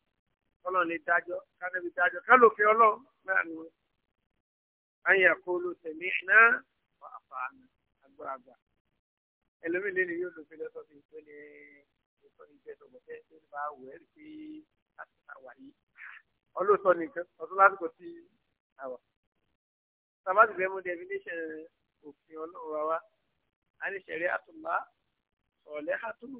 ọlọ́run lè dájọ́ kánẹ́bí dájọ́ kálòfin ọlọ́run láàrin wọn. ayé àkóòlù tẹ̀mí iná wà àfààní agbára ẹlòmíì lé ní yóò lò fílẹ̀ sọ́fì pé ní ìsọ ìjẹ́ tọ̀gbọ̀tẹ́ tó ní bá wẹ̀ ẹ́ pé àwà yìí ọlọ́sọ nìkan ọdún lásìkò tí àwà. sábàtì fẹ́ mú definition òfin ọlọ́run wa a ní sẹ̀rí àtúmbá sọ̀lẹ́ àtúnú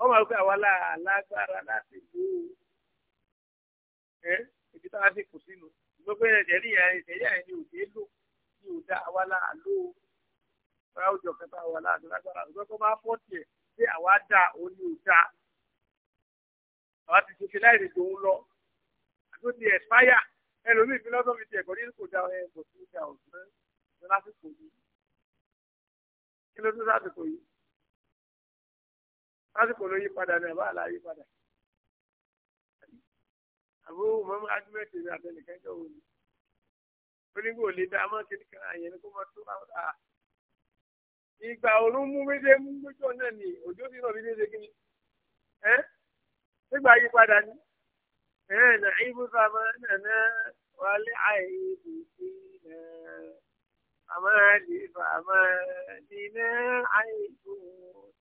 wọ́n máa gbé àwa lágbára láti bú ẹ́ ibi tá a fi kù sínú gbogbo ẹ̀jẹ̀ níyà ìṣẹ̀yà ẹ̀ ni òde lò ní òde àwa láàlú ráwùjọ kẹta àwa láàlú lágbára ṣùgbọ́n kó máa fọ́ tiẹ̀ pé àwa dà ó ní òde àwa ti ṣe ṣe láì rèjò ń lọ àti ti ẹ̀fáyà ẹlòmíì fílọ́sọ́fì tiẹ̀ kò ní kò da ẹ̀ sí ìjà òṣèré lásìkò yìí kí ló tún sásìkò yìí lásìkò ló yí padà ní àbá àlàyé padà àbó mọ́mú ájúmẹ́tì ní àtẹnìkan jọ wò ni onígbò lè dá mọ́ kí nìkan àyẹ̀ni kó mọ́ tó àwọn àà ìgbà òórùn mú méje mú lójú ọ̀nà ni òjò sí náà méje kí ni ẹ́ nígbà yí padà ni ẹ̀ nà ibùsà máa nàná wálé àìyí sí náà àmọ́ àdìfà máa dì náà àìyí tó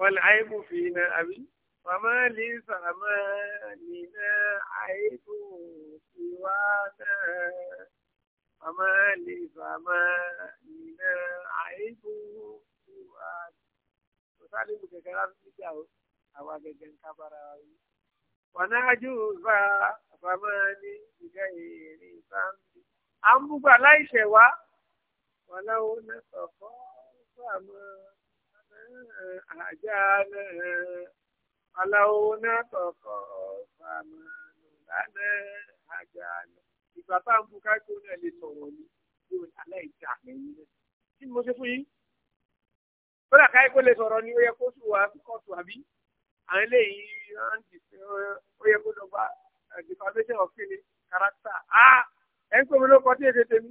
wàlàyébù fi iná àbí màmá lè sàmà nínà àyébù ìwà náà màmá lè sàmà nínà àyébù ìwà náà. sáré mu kẹkẹ rárá ní ìjà o àwa gẹgẹ ń kábàárà wa yìí. wọn á jù bá àbámọ́ ní ìgbà èrè sáà ń bú. à ń búgbà láìṣẹ̀ wá. ولو نصفا فما أعجانا ولو نصفا فما لنا أعجانا ìgbà tá à ń bu káíkó náà lè sọ̀rọ̀ ni yóò aláìsí àpẹ̀yìn náà kí ni mo ṣe fún yín kódà káíkó lè sọ̀rọ̀ ni ó yẹ kó sùn wá kóòtù àbí àwọn eléyìí ó yẹ kó lọ bá eh, defamation of kini character ah ẹ̀ ń pè mí ló kọ́ tí èdè tèmi.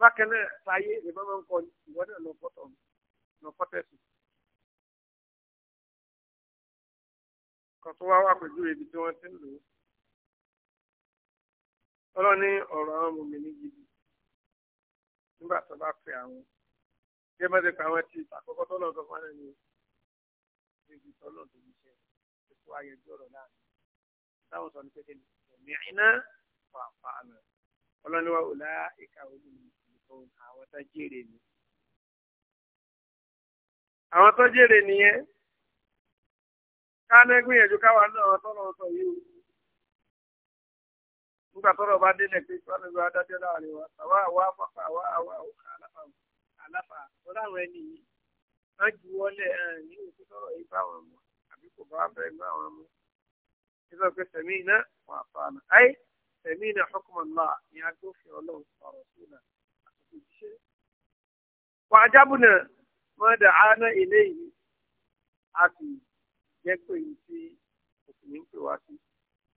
bákan náà sáyé ìbá máa ń kọ ìwọ náà lọ fọtọ lọ fọtẹsì. kan tó wá wà pẹ̀lú ibi tí wọ́n ti ń lò ó. ọlọ́ni ọ̀rọ̀ àwọn mòmìnì gidi nígbà tó bá pè àwọn gẹ́gẹ́ bá ti pè àwọn tí àkọ́kọ́ tó lọ́ọ́ sọ́kọ́ náà ni ibi tó lọ́ọ́ tó é ètò ayẹyẹ ọ̀rọ̀ náà táwọn sọ ní pété ní ẹ̀mí iná fàfà ọlọ́ni wa ò lá ìka òun nìyí àwọn tó jèrè ni àwọn tó jèrè nìyẹn káná gbìyànjú káwa náà àwọn tọrọ sọ yìí o nígbà tọrọ bá délẹ̀ pé kí wọn lè gba adájọ́ láàrin wa àwa àwa àpapọ̀ àwa àwa àlàfà àlàfà tó láwọn ẹni yìí wọn ju wọlé ní òkú tọrọ yìí bá wọn mọ àbí kò bá bẹ́ẹ̀ gbá wọn mọ nígbà pé sẹmí iná wà fáànà ayé sẹmí iná hukumallah ni agbófin Ọlọ́run sọ̀rọ̀ sí náà wà á jábù náà wọ́n dà á ná ilé yìí a sì jẹ́ pé yìí sí òkùnrin pé wá sí.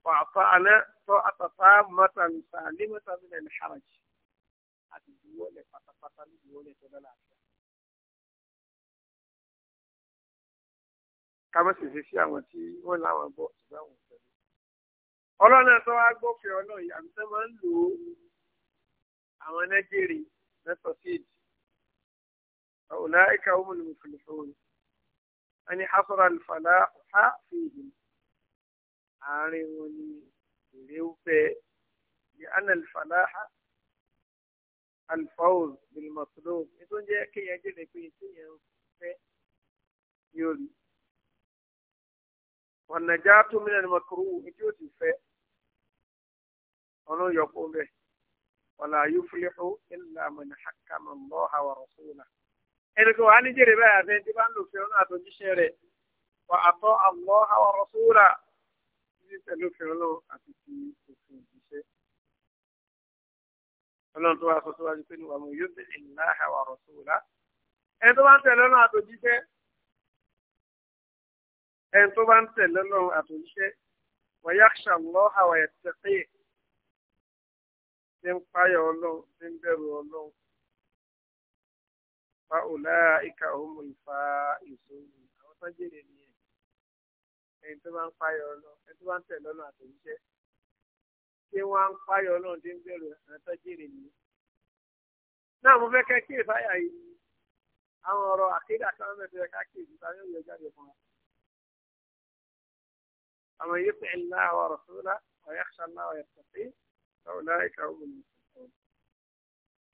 wà á fa àná tó àtàtà mọ́tà nìta ní mọ́tà mi náà ní haraj a sì juwọ́lẹ̀ pátápátá ní juwọ́lẹ̀ tó dá láàbíà. sì fi sí àwọn tí wọ́n láwọn bọ̀ ṣùgbọ́n àwọn ọ̀sẹ̀ ọlọ́run tó wá gbófin ọlọ́run àmì tó ń lò ó àwọn nàìjíríà lẹ́tọ̀ọ́ sí èjì ọ̀làìka ọmọlù mùsùlùmí ẹni hasọ̀rọ̀ àlùfàlà ọ̀há fìhì àárín wọn ni èrè ń fẹ́ ní àná àlùfàlà alfawul bilmaslum ètò ń jẹ́ kéèyàn jẹ́lẹ̀ pé kéèyàn fẹ́ yóò rí wọn nàjà tó mílíọ̀nù mọ̀kúrú ètò yóò ti fẹ́ ọ̀nà ìyọ̀pọ̀ bẹ́ẹ̀ wala yuflihu illa man hakama Allaha wa rasulahu. ẹnìkan wàá ní jèrè báyà fẹ́ tí bá ń lò fẹ́ ọ́nà àtọ́jíṣẹ́ rẹ̀ wà àtọ́ Allaha wa rasulahu ní pẹ̀lú fẹ́ ti òfin òjíṣẹ́. ọlọ́run tó wá sọ síwájú pé ní wà mú yóò wa rasulahu. ẹni tó bá ń tẹ̀lé ọ́nà àtọ́jíṣẹ́ ẹni tó bá ń tẹ̀lé ọ́nà àtọ́jíṣẹ́ wa yakhsha Allaha wa yattaqih tí ń páyà ọlọ́run tí ń bẹ̀rù ọlọ́run fa òlà ìka òmù ìfà ìṣòro àwọn tó jèrè nìyẹn ẹni tó bá ń páyà ọlọ́run ẹni tó bá ń tẹ̀lé ọlọ́run àtẹ̀jíṣẹ́ tí wọ́n á ń páyà ọlọ́run tí ń bẹ̀rù àwọn tó jèrè nìyẹn. náà mo fẹ́ kẹ́ kí ìfáyà yìí àwọn ọ̀rọ̀ àkédà kan mẹ́tẹ̀ẹ́ káàkiri ìta yóò yọ jáde fún wa. àwọn yìí pẹ̀lú ọ̀la ẹ̀ka òun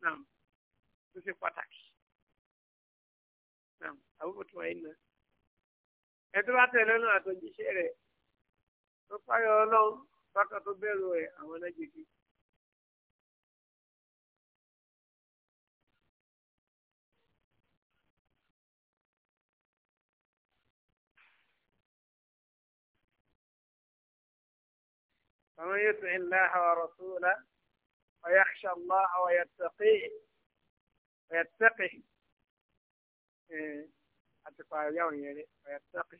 náà ló ṣe pàtàkì náà àbúrò tó wáyé náà ẹ tó bá tẹ̀lé náà àtọ̀jíṣẹ́ rẹ̀ tó páyọ̀ ọlọ́run bákan tó bẹ̀rù ẹ̀ àwọn ẹlẹ́gbẹ̀gbẹ̀. فمن يطع الله ورسوله ويخشى الله ويتقيه ويتقي إيه، أتقى يوم يعني ويتقي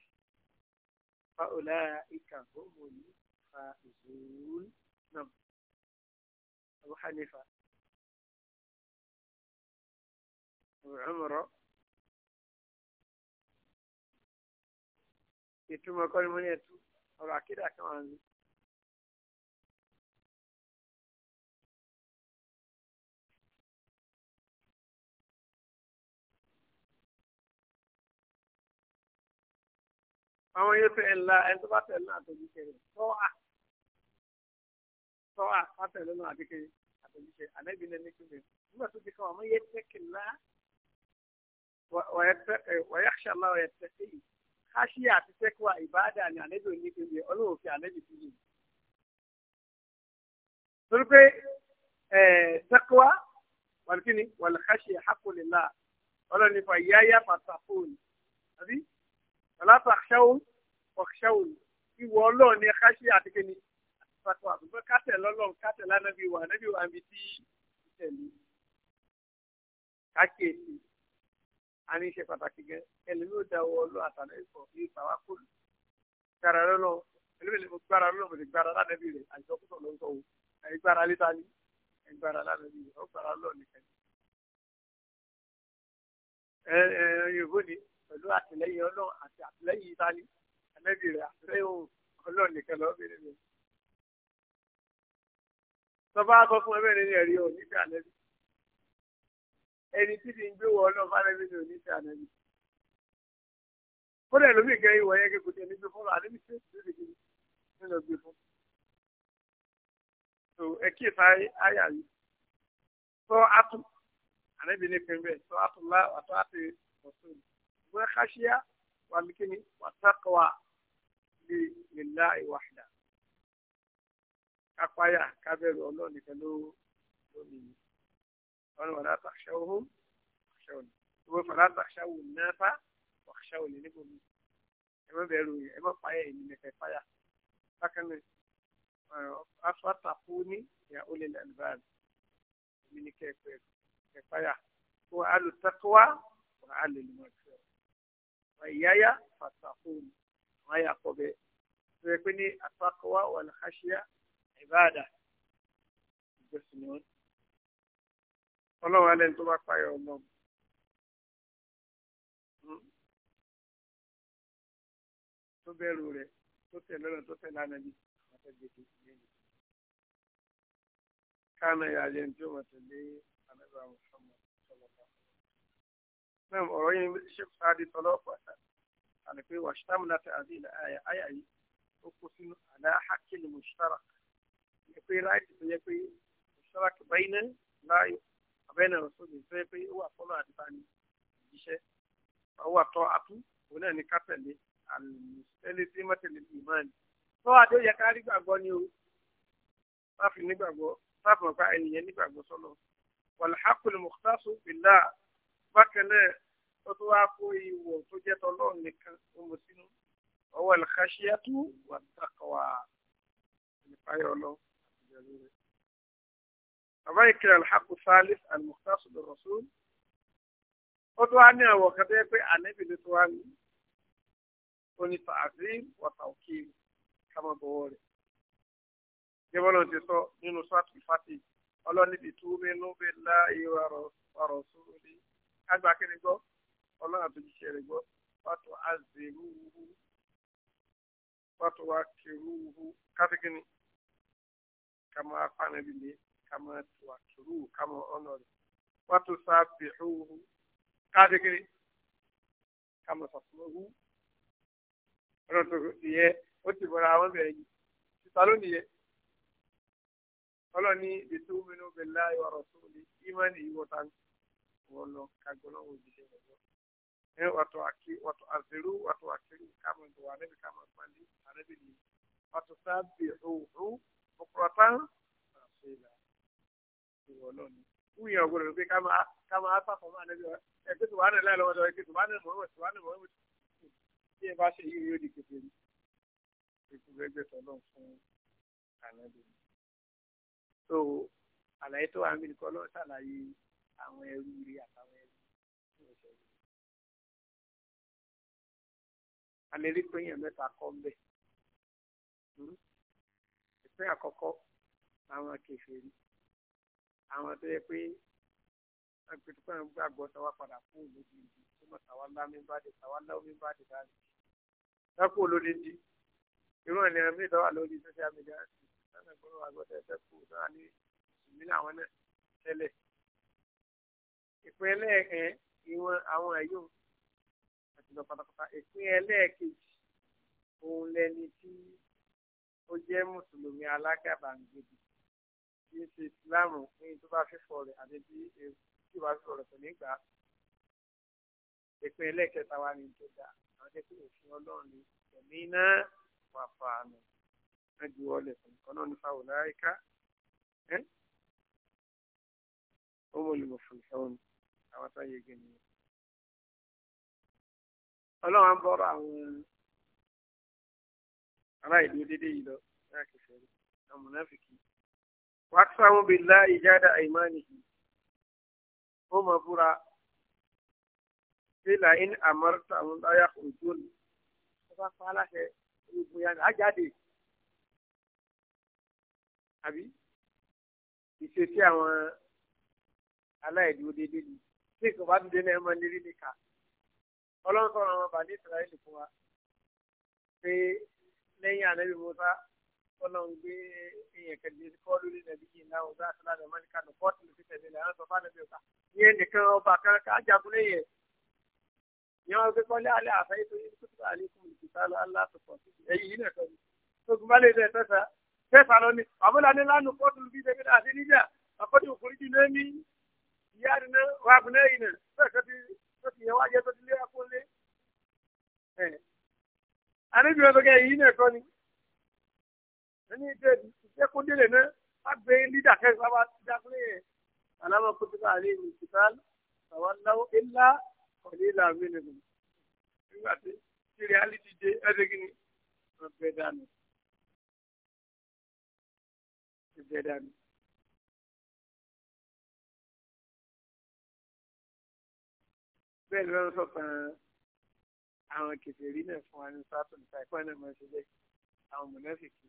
فأولئك هم الفائزون نعم أبو حنيفة وعمره يتم كل من يتم ولكن العقيدة كمان àwọn yóò fẹ́ ńlá ẹni tó bá tẹ̀lé náà àtẹ̀jíṣẹ́ rẹ̀ tọ́wà tọ́wà bá tẹ̀lé náà àdékẹ́yẹ àtẹ̀jíṣẹ́ ànábì náà nìkúndé nígbà tó ti kọ́ àwọn yẹ tẹ́kìlá wọ̀yẹ́kṣà náà wọ̀yẹ́ tẹ́kìlì káṣí àti tẹ́kùwà ìbáàdà ni ànábì oníkúndé ọlọ́run fi ànábì fi yìí. torí pé tẹ́kùwà wàlúkìní wàlúkàṣì àkùnlélà ọlọ́run nípa ìyáyà pàtàkùn àbí ọ̀làtà ṣẹ́wọ̀n ọ̀ṣẹ́wọ̀n ìwọ ọlọ́run ni káṣí àti kíni àti pàtó àbúgbọ́ kátẹ̀ lọ́lọ́run kátẹ̀ lánàbí wà nàbí wà mí tí ìtẹ̀lé kákìyèsí a ní ṣe pàtàkì gẹ ẹlẹ́mi ò dáwọ́ ọlọ́ àtàlẹ́ ìfọ̀ ní ìgbà wa kò lù gbára lọ́lọ́ ẹlẹ́mi lè mo gbára lọ́lọ́ lánàbí rẹ̀ àjọkùsọ̀ ló wò ẹgbára létà ní lánàbí rẹ̀ ọgbára lọ́ọ̀ nìkan ẹ ẹ yorùbá ni pẹ̀lú àtìlẹ́yìn ọlọ́run àti àtìlẹ́yìn ìtàlí ẹlẹ́bí rẹ̀ àtìlẹ́yìn ọlọ́run nìkan lọ́ọ́ bèrè mi. tọ́ba akọ fún ẹgbẹ́ ní ẹ̀rí ò nífẹ̀ẹ́ ànẹ́bí ẹni tí ti ń gbé wọ ọlọ́run fánẹ́bí ni ò nífẹ̀ẹ́ ànẹ́bí. kódà lómi ìkẹ́ ìwọ yẹn kékeré tẹ̀ níbi fún ànẹ́bí tí ó ti gbé nínú gbé fún. tó ẹ kí ìfà áyà yìí tó àtù ànẹ́bí ní pẹ̀lú ẹ̀ tó lá àtọ́ àti ọ̀tún والخشية والكني والتقوى لله وحده kápáyà kábẹ́rù ọlọ́run nìkan ló lómi ni wọn wọn láta ṣàwòhùn ṣàwòhùn ìwé fàlàtà ṣàwòhùn náà ṣàwòhùn níbo mi ẹ má bẹ̀rù ẹ má páyà èmi nìkan páyà bákan náà afáta fún ní ìyá olè lẹ́nbàá èmi ní kẹ́ẹ̀pẹ́ páyà ìyáyá fàtàkùn àwọn ayé àkọ́bẹ̀ tó yẹ pé ní àtàkọ́wá wà láṣíá ìbáàdà ìgbésìn ni wọ́n. ọlọ́run alẹ́ tó bá payọ̀ ọlọ́run. Hmm? tó bẹ̀rù rẹ̀ tó tẹ̀lé rẹ̀ tó tẹ̀lé ànábi àwọn tẹ̀lé tó ti lé ní. kánà yà á yẹn tí ó mọ̀ tẹ̀lé ànábi àwọn náà ọ̀rọ̀ yìí ni ṣé fúnadì sọ lọ́pọ̀ àti pé wàṣítàmù láti àdé ilẹ̀ àyà àyà yìí ó kó sínú àlá hákìlì mùsítàrà yẹ pé ráìtì tó yẹ pé mùsítàrà kì báyìí náà láàyò àbẹ́nà rọ̀sọ́dì tó yẹ pé ó wà fọ́lọ́ àdìbá ni ìjíṣẹ́ àwọn àtọ́ àtú òun náà ní ká tẹ̀lé àlùmùsítẹ́lẹ́ tí mọ́tẹ̀lẹ́ bíi máa bákan náà ó tún wá kó ìwọ̀ tó jẹ́ tọ́lọ́run nìkan ó mọ̀ sínú ọwọ́ al-khashiyatu wat-taqwa ìpáyọ̀ ọlọ́run àtijọ́ bàbá ìkìlẹ̀ al-haqqu thalith al-mukhtas bir-rasul ó tún wá ní àwọ̀ kan tó yẹ pé ànábì ló tún wá ní oní ta'zim wa tawqir kama bọ̀wọ̀ rẹ̀ jẹ́bọ́lọ́ ti sọ nínú sọ́ọ̀tì fati ọlọ́ni bìtú mi nú billahi wa rasulihi kágbá kíni gbọ́ ọlọ́run àti ojúṣe rẹ̀ gbọ́ wàtò azèrúhu wàtò wàkìrúhu káfí kíni kàmá apánabìlẹ kàmá wàkìrúhu kàmá ọ̀nọ̀rẹ̀ wàtò sábìrúhu káfí kíni kàmá sàfúnúhu rọ̀tò ìyẹ ó ti bọ̀ra àwọn bẹ̀rẹ̀ yìí títà lónìí yẹ ọlọ́ni ètò òmìnira bẹ̀rẹ̀ láyọ̀ àròsọ ìmọ̀ ni ìwọ̀ta ń wọlọ kagbọlọ wo jide wọlọ ẹ wàtò àkí wàtò àzẹrù wàtò àkírí kàmú ìdòwò ànẹbì kàmú àpàlẹ ànẹbì ni wàtò sábì òwúrú ọkùrọtà àṣẹ ìlà ìwọlọ ni wúyẹ ọgbọdọ pé kàmú kàmú àpapọ̀ mọ ànẹbì ẹgbẹ́ tó wà ní láì lọ́wọ́dọ̀ ẹgbẹ́ tó wà ní mọ̀ọ́mọ̀ tó wà ní mọ̀ọ́mọ̀ tí ẹ bá ṣe yí yóò di kékeré ìkúrẹ́gbẹ́ tọ́lọ́ fún ànẹbì so àlàyé tó wà ń bí nìkan lọ́ ṣàlàyé àwọn ẹrú rẹ àtàwọn ẹrú tí wọ́n sọ yìí. àmì rí pé èèyàn mẹ́ta kọ́ ń bẹ̀. Hmm? ìpín àkọ́kọ́ àwọn kèfèrí àwọn tó yẹ pé agbẹ̀tùkọ́ àwọn gbàgbọ́ tàwa padà fún olódìdí tó mọ̀ tàwa ńlá mi bá dé tàwa ńlá mi bá dé dáadé dákú olódìdí irú ẹ̀ ní ẹ̀mí ìdánwà lórí social media ṣáà gbọ́dọ̀ wà gbọ́dọ̀ ẹ̀ṣẹ̀ kù náà ní ìsìnmí làwọn náà tẹ́lẹ̀ ìpín ẹlẹ́ẹ̀kẹ́ ìwọ̀n àwọn ẹ̀yọ́ àti lọ pátápátá ìpín ẹlẹ́ẹ̀kejì òun lẹni tí ó jẹ́ mùsùlùmí alágàbàǹgbèdì tí ń ṣe ìsìláàmù ní tó bá fífọ̀ rẹ̀ àti tí tí wàá fífọ̀ rẹ̀ pẹ̀lú ìgbà ìpín ẹlẹ́ẹ̀kẹta wa ni tó dáa àwọn jẹ́ pé òfin ọlọ́run ni ẹ̀mí náà wà fà á nù ẹ ju ọlẹ fún nǹkan náà ní fáwọn láyé ká ẹ ó mọ̀ ní mo fò ìfẹ́ wọn àwọn tó yege nìyẹn ọlọ́run á ń bọ́rọ̀ àwọn ará ìlú dédé yìí lọ ní àkẹsẹ̀rí àwọn mùnáfìkì wàá sáwọn bíi lá ìjáde àìmánìkì ó mọ̀ búra bila in amarta àwọn láyà òjòl ọba pa aláṣẹ ìgbìmọ̀ yàrá àjáde àbí ìṣesí àwọn aláìdúró dédé yìí ní ìsìn bá dìde náà ẹ máa lérí nìka ọlọ́run sọ̀rọ̀ àwọn bàbá ní ìsìláyìlì fún wa pé lẹ́yìn ànábì musa ọlọ́run gbé èèyàn kẹ̀lé kọ́ lórí nàbí yìí náà ọ̀gá àti ládàá máa ní kánò pọ́ọ̀tì lè fi tẹ̀lé lẹ́yìn sọ fáànàbí ọ̀gá ìyẹn nìkan ọba kan ajagun lẹ́yìn ẹ̀ ìyẹn wọn gbé kọ́lé alẹ́ àfẹ́ ètò yìí kó tó àlékún ìkìtà lọ alásùpọ̀ ẹ̀yìn yìí nìkan ni ogun bá lè dẹ̀ tẹ́sà ni àbúlà ní lánàá pọ́ọ̀tì lè ìyá nínú wa bùnú ẹ̀yìn náà bẹ́ẹ̀ tó ti tó ti yẹn wá jẹ́ tó ti lé ẹkún lé. àníbi wọn lọ́gẹ́ yìí náà kọ́ ni ẹni tẹ ìṣẹ́kúndélé náà wá gbé lídà kẹ́rin wá wá dákúlé yẹn aláwọ̀ kótópá àlẹ́ ìlú ìṣìkàl àwọn aláwọ̀ bẹ́ẹ̀ ni wọ́n sọ kan àwọn kèfèrí náà fún wa ní sátọ̀ nípa ẹ̀kọ́ náà máa ṣe bẹ́ẹ̀ àwọn mọ̀lẹ́fìkì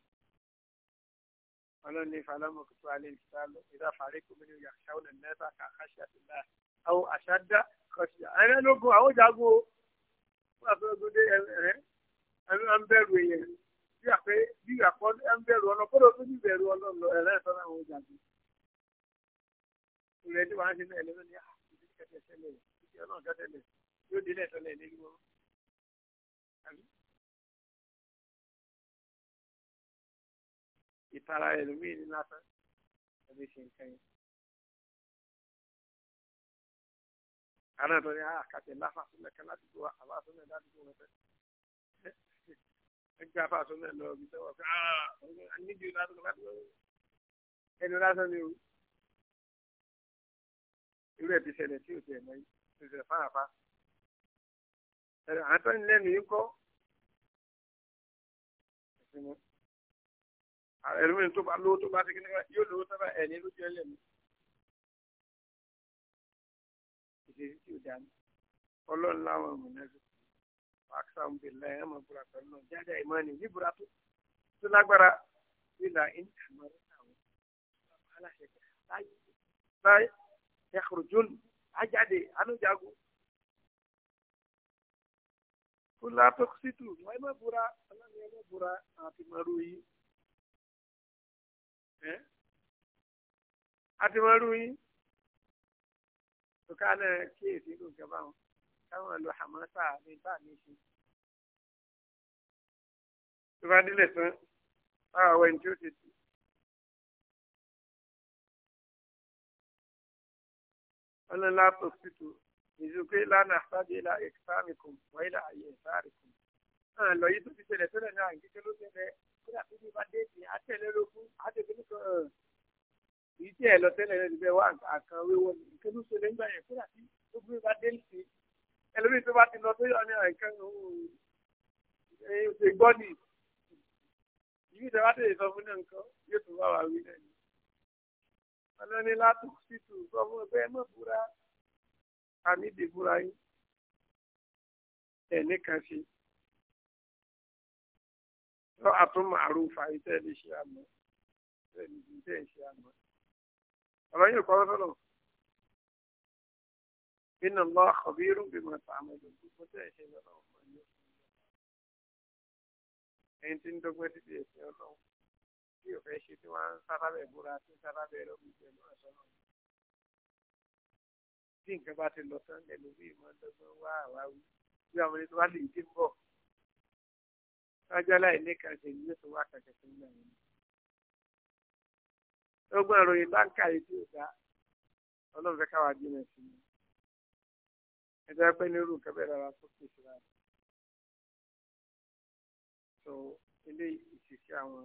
ọlọ́run ní falámọ̀ kótó alẹ́ ìfúta lọ ìdá fàárẹ̀ kòmínú yàtọ̀ ọ̀nà mẹ́fà kà áṣà sílá àwọn àṣàdá kọ̀ṣìyà ẹ̀rẹ́ lógún àwọn jago fún àfẹ́gbọ́dé ẹ̀rẹ́ ẹ̀rọ ń bẹ̀rù èèyàn bí àpé bí àpọ́ ń bẹ̀rù ọlọ́ kó ló tún bí bẹ̀rù ọlọ́lọ́ ẹ̀rẹ́ ìtọ́nà àwọn jago ìrẹ́dí wàá ṣe náà ẹ̀lẹ́mẹ́ni tí ọ̀nà ọ̀jọ́ tẹ̀lé yóò dé lẹ́tọ́ lẹ́yìn lórí wọn. ìtara ẹlòmíì ní lásán ẹbí ṣe nǹkan yẹn. àná tó ní àkàtẹ̀ ah, láfàásùnlẹ̀ kan láti gbọ́ àfàásùnlẹ̀ láti gbọ́ wọn fẹ́. ẹgbẹ́ àfàásùnlẹ̀ lọ bí sọ́wọ́ fẹ́ ah nídìí láti gbọ́ láti gbọ́ ẹnu lásán ni o irú ẹ̀ ti tí ò ti ẹ̀ mọ́ yìí ìṣẹ̀ fáàfá ẹ̀rọ àtọ́ni lẹ́nu yìí kọ́ ẹ̀rọ mi tó bá lówó tó bá ti kí nígbà yóò lówó sábà ẹ̀ní ló jẹ́ lẹ́nu ìṣèṣì tí ò dání ọlọ́run láwọn ọmọ náà ṣe aksan bela ẹ ma bura pẹ̀lú náà jáde ìmọ̀ni ní bura tó tó lágbára ìlà ìnìkàmọ́rẹ́ àwọn aláṣẹ láyé láyé ẹ̀kọ́rọ̀ jóni ajáde anújagun fúlá tókítù wọn ẹ má búra ọlọ́run ẹ má bura, àti mọ̀rú yín ẹ àti mọ̀rú yín tòká náà kíyèsí ló ń jọba wọn káwọn lo hamasa ní bá mi ṣe tó bá délé tán báwa wẹ̀ ní tí ó ti ọlọ́lá tó fìtò ìzùkú ìlànà àfáàdé ìlà ẹ̀ksáàmìkùn wọ́n ìlà ayé ẹ̀sáàmìkùn. náà lọ yìí tó ti tẹ̀lẹ̀ tẹ́lẹ̀ náà àǹkíkẹ́ ló tẹ̀lẹ̀ kódà tó ti bá déètì àtẹ̀lẹ́ lógún àtẹ̀lẹ́ nìkan hàn. èyí tí ẹ̀ lọ tẹ́lẹ̀ rẹ̀ níbẹ̀ wá àkàn wíwọ́ ni nǹkan ló ṣẹlẹ̀ ńgbà yẹn kódà tí ó gbé bá déètì ẹlòmíì tó bá ti lọ tó yọ ní àǹkan òun ṣe gbọ́ ni ìbí ìtẹ̀wá tẹ̀lé sọ fún náà nǹkan yóò tún wá wà wí ni ọlọ́ni látò sítù sọ fún ẹgbẹ́ ẹ mọ̀ búra àmì ìdìbúra yín ẹ̀ní kan ṣe lọ àtúmọ̀ àrùn fàyè tẹ́lẹ̀ ṣe àmọ́ tẹ́lẹ̀ ṣe tẹ́lẹ̀ ṣe àmọ́ ọ̀rọ̀ yìí kọ́ sọ̀rọ̀ inna Allah khabirun bima ta'malun gbogbo tẹ́lẹ̀ ṣe lọ́wọ́ ẹ̀yìn tí ń dọ́gbẹ́ ti di ẹ̀sìn ọlọ́run tí yóò fẹ́ ṣe tí wọ́n ń sábà bẹ̀ búra tí ń sábà bẹ̀ lọ́wọ́ ìgbẹ́ náà sọ́nà. bí nǹkan bá ti lọ tán lẹ́nu bí ìmọ̀ọ́dọ́gbọ́n wá àwáwí bí àwọn ẹni tó wá lè dé bọ̀ lọ́jọ́ láì ní kan ṣe ní oṣù wákàtí tó ń lọ yẹn. ọgbọ́n ìròyìn báńkà yìí tí ò dá ọlọ́run fẹ́ káwá jìnnà sí i. ẹ̀dá pẹ́ ní irú nǹkan bẹ́ẹ̀ rárá tó kéṣe rárá. so eléyìí ìṣesí àwọn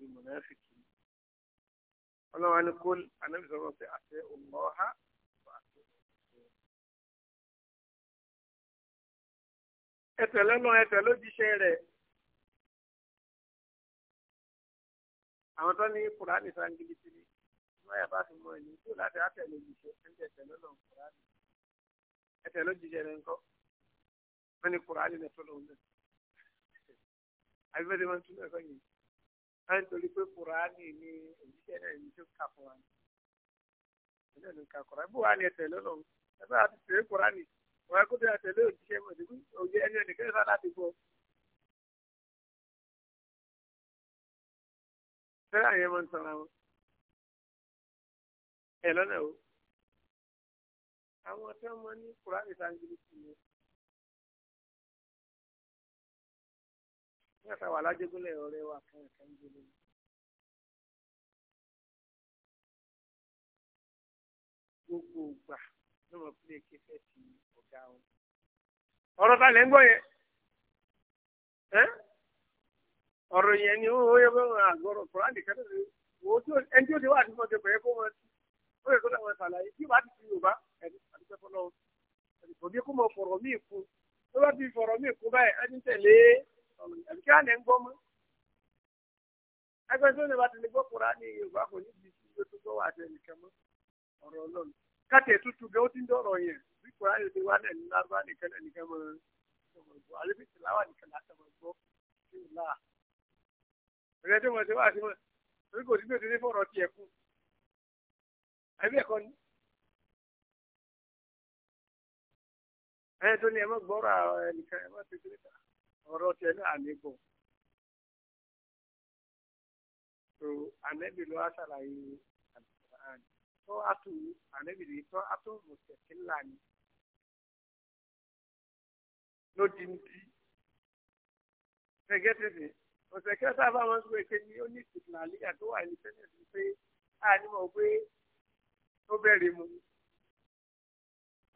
ní mọ̀nàfíkì ọlọ́wà ní kó anábì sọ̀rọ̀ pé àṣẹ ọmọọ́há ẹ̀tẹ̀ lọ́nà ẹ̀tẹ̀ lójíṣẹ́ rẹ̀ àwọn tó ní kùránì sangilitì ni wọ́n yà bá fi mọ ìlú tó láti àtẹ̀ lójíṣẹ́ ẹ̀tẹ̀ ẹ̀tẹ̀ lọ́nà kùránì ẹ̀tẹ̀ lójíṣẹ́ rẹ̀ ńkọ́ wọ́n ní kùránì nẹ̀ tó lọ́wọ́ náà àbí bẹ́ẹ̀ ni wọ́n tún náà sọ́yìn wọ́n nítorí pé kùránì ni òjíṣẹ́ náà ní tó kà fún wa ní ìlú ìlú ka kùránì bó wà ní ẹsẹ̀ lọ́nà ẹgbẹ́ àti tẹ̀lé kùránì wọ́n kó tó tẹ̀lé òjíṣẹ́ mọ̀ níbi òjì ẹni ẹni kẹsàn láti bọ̀. sẹ́yà yẹn máa ń sanra wọn ẹ̀ lọ́nà o àwọn tí wọ́n máa ń ní kùránì sáńgìlì sí i ní ẹ̀ka wà lájẹgúnlẹ̀ ọ̀rẹ́ wa kan ẹ̀ka ń gbélé ni. gbogbo ògbà ló mọ̀ pé èké fẹ́ ti ọ̀gá wọn. ọ̀rọ̀ ta lẹ́ ń gbọ́ yẹn ọ̀rọ̀ yẹn ni ó yẹ fún àwọn àgọ́rọ̀ kọ́ra nìkan tó lè wò ó ẹni tí ó ti wà ní ọjọ́ pẹ̀lú kó wọn ó yẹ kó lọ́wọ́ ṣàlàyé tí bá ti fi Yorùbá ẹni àdúgbò fọlọ́ ẹni kò bí kó mọ fọ̀rọ̀ míì kú tó bá ti fọ̀rọ̀ míì kú báyìí ẹni tẹ̀lé ẹbí kí á nẹ ń gbọ́ mọ́ ẹgbẹ́ tó ní bàtà ní gbọ́kùnrin á ní yorùbá kò ní bí ìṣúná tó gbọ́ wà tẹ̀lé kan mọ́ ọ̀rọ̀ ọlọ́run káàkiri ètùtù gẹ́ ó ti ń dọ̀rọ̀ yẹn bí kùnrin á lè ti wá náà ní lárúbá nìkan náà nìkan mọ́ ọ̀rọ̀ àlébí tìláwà nìkan láti ọmọ sí ìlà ẹ̀rẹ́ tó mọ̀ ẹni tó ní ẹ mọ́ gbọ́rọ̀ ẹnìkan ẹ mọ́ tètè níta ọ̀rọ̀ tiẹ̀ náà níbọ̀ so anabi ló wá ṣàlàyé alukur'an tó atu anabi lè tó atu mùsùlùmí ni lódìndí gẹ́gẹ́ tètè ọ̀sẹ̀ kẹta bá wọn sọ èké ni ó ní ìsìnkú àlíyà tó wà ní sẹ́nẹ̀tì pé a ní mọ̀ pé tó bẹ̀rẹ̀ mu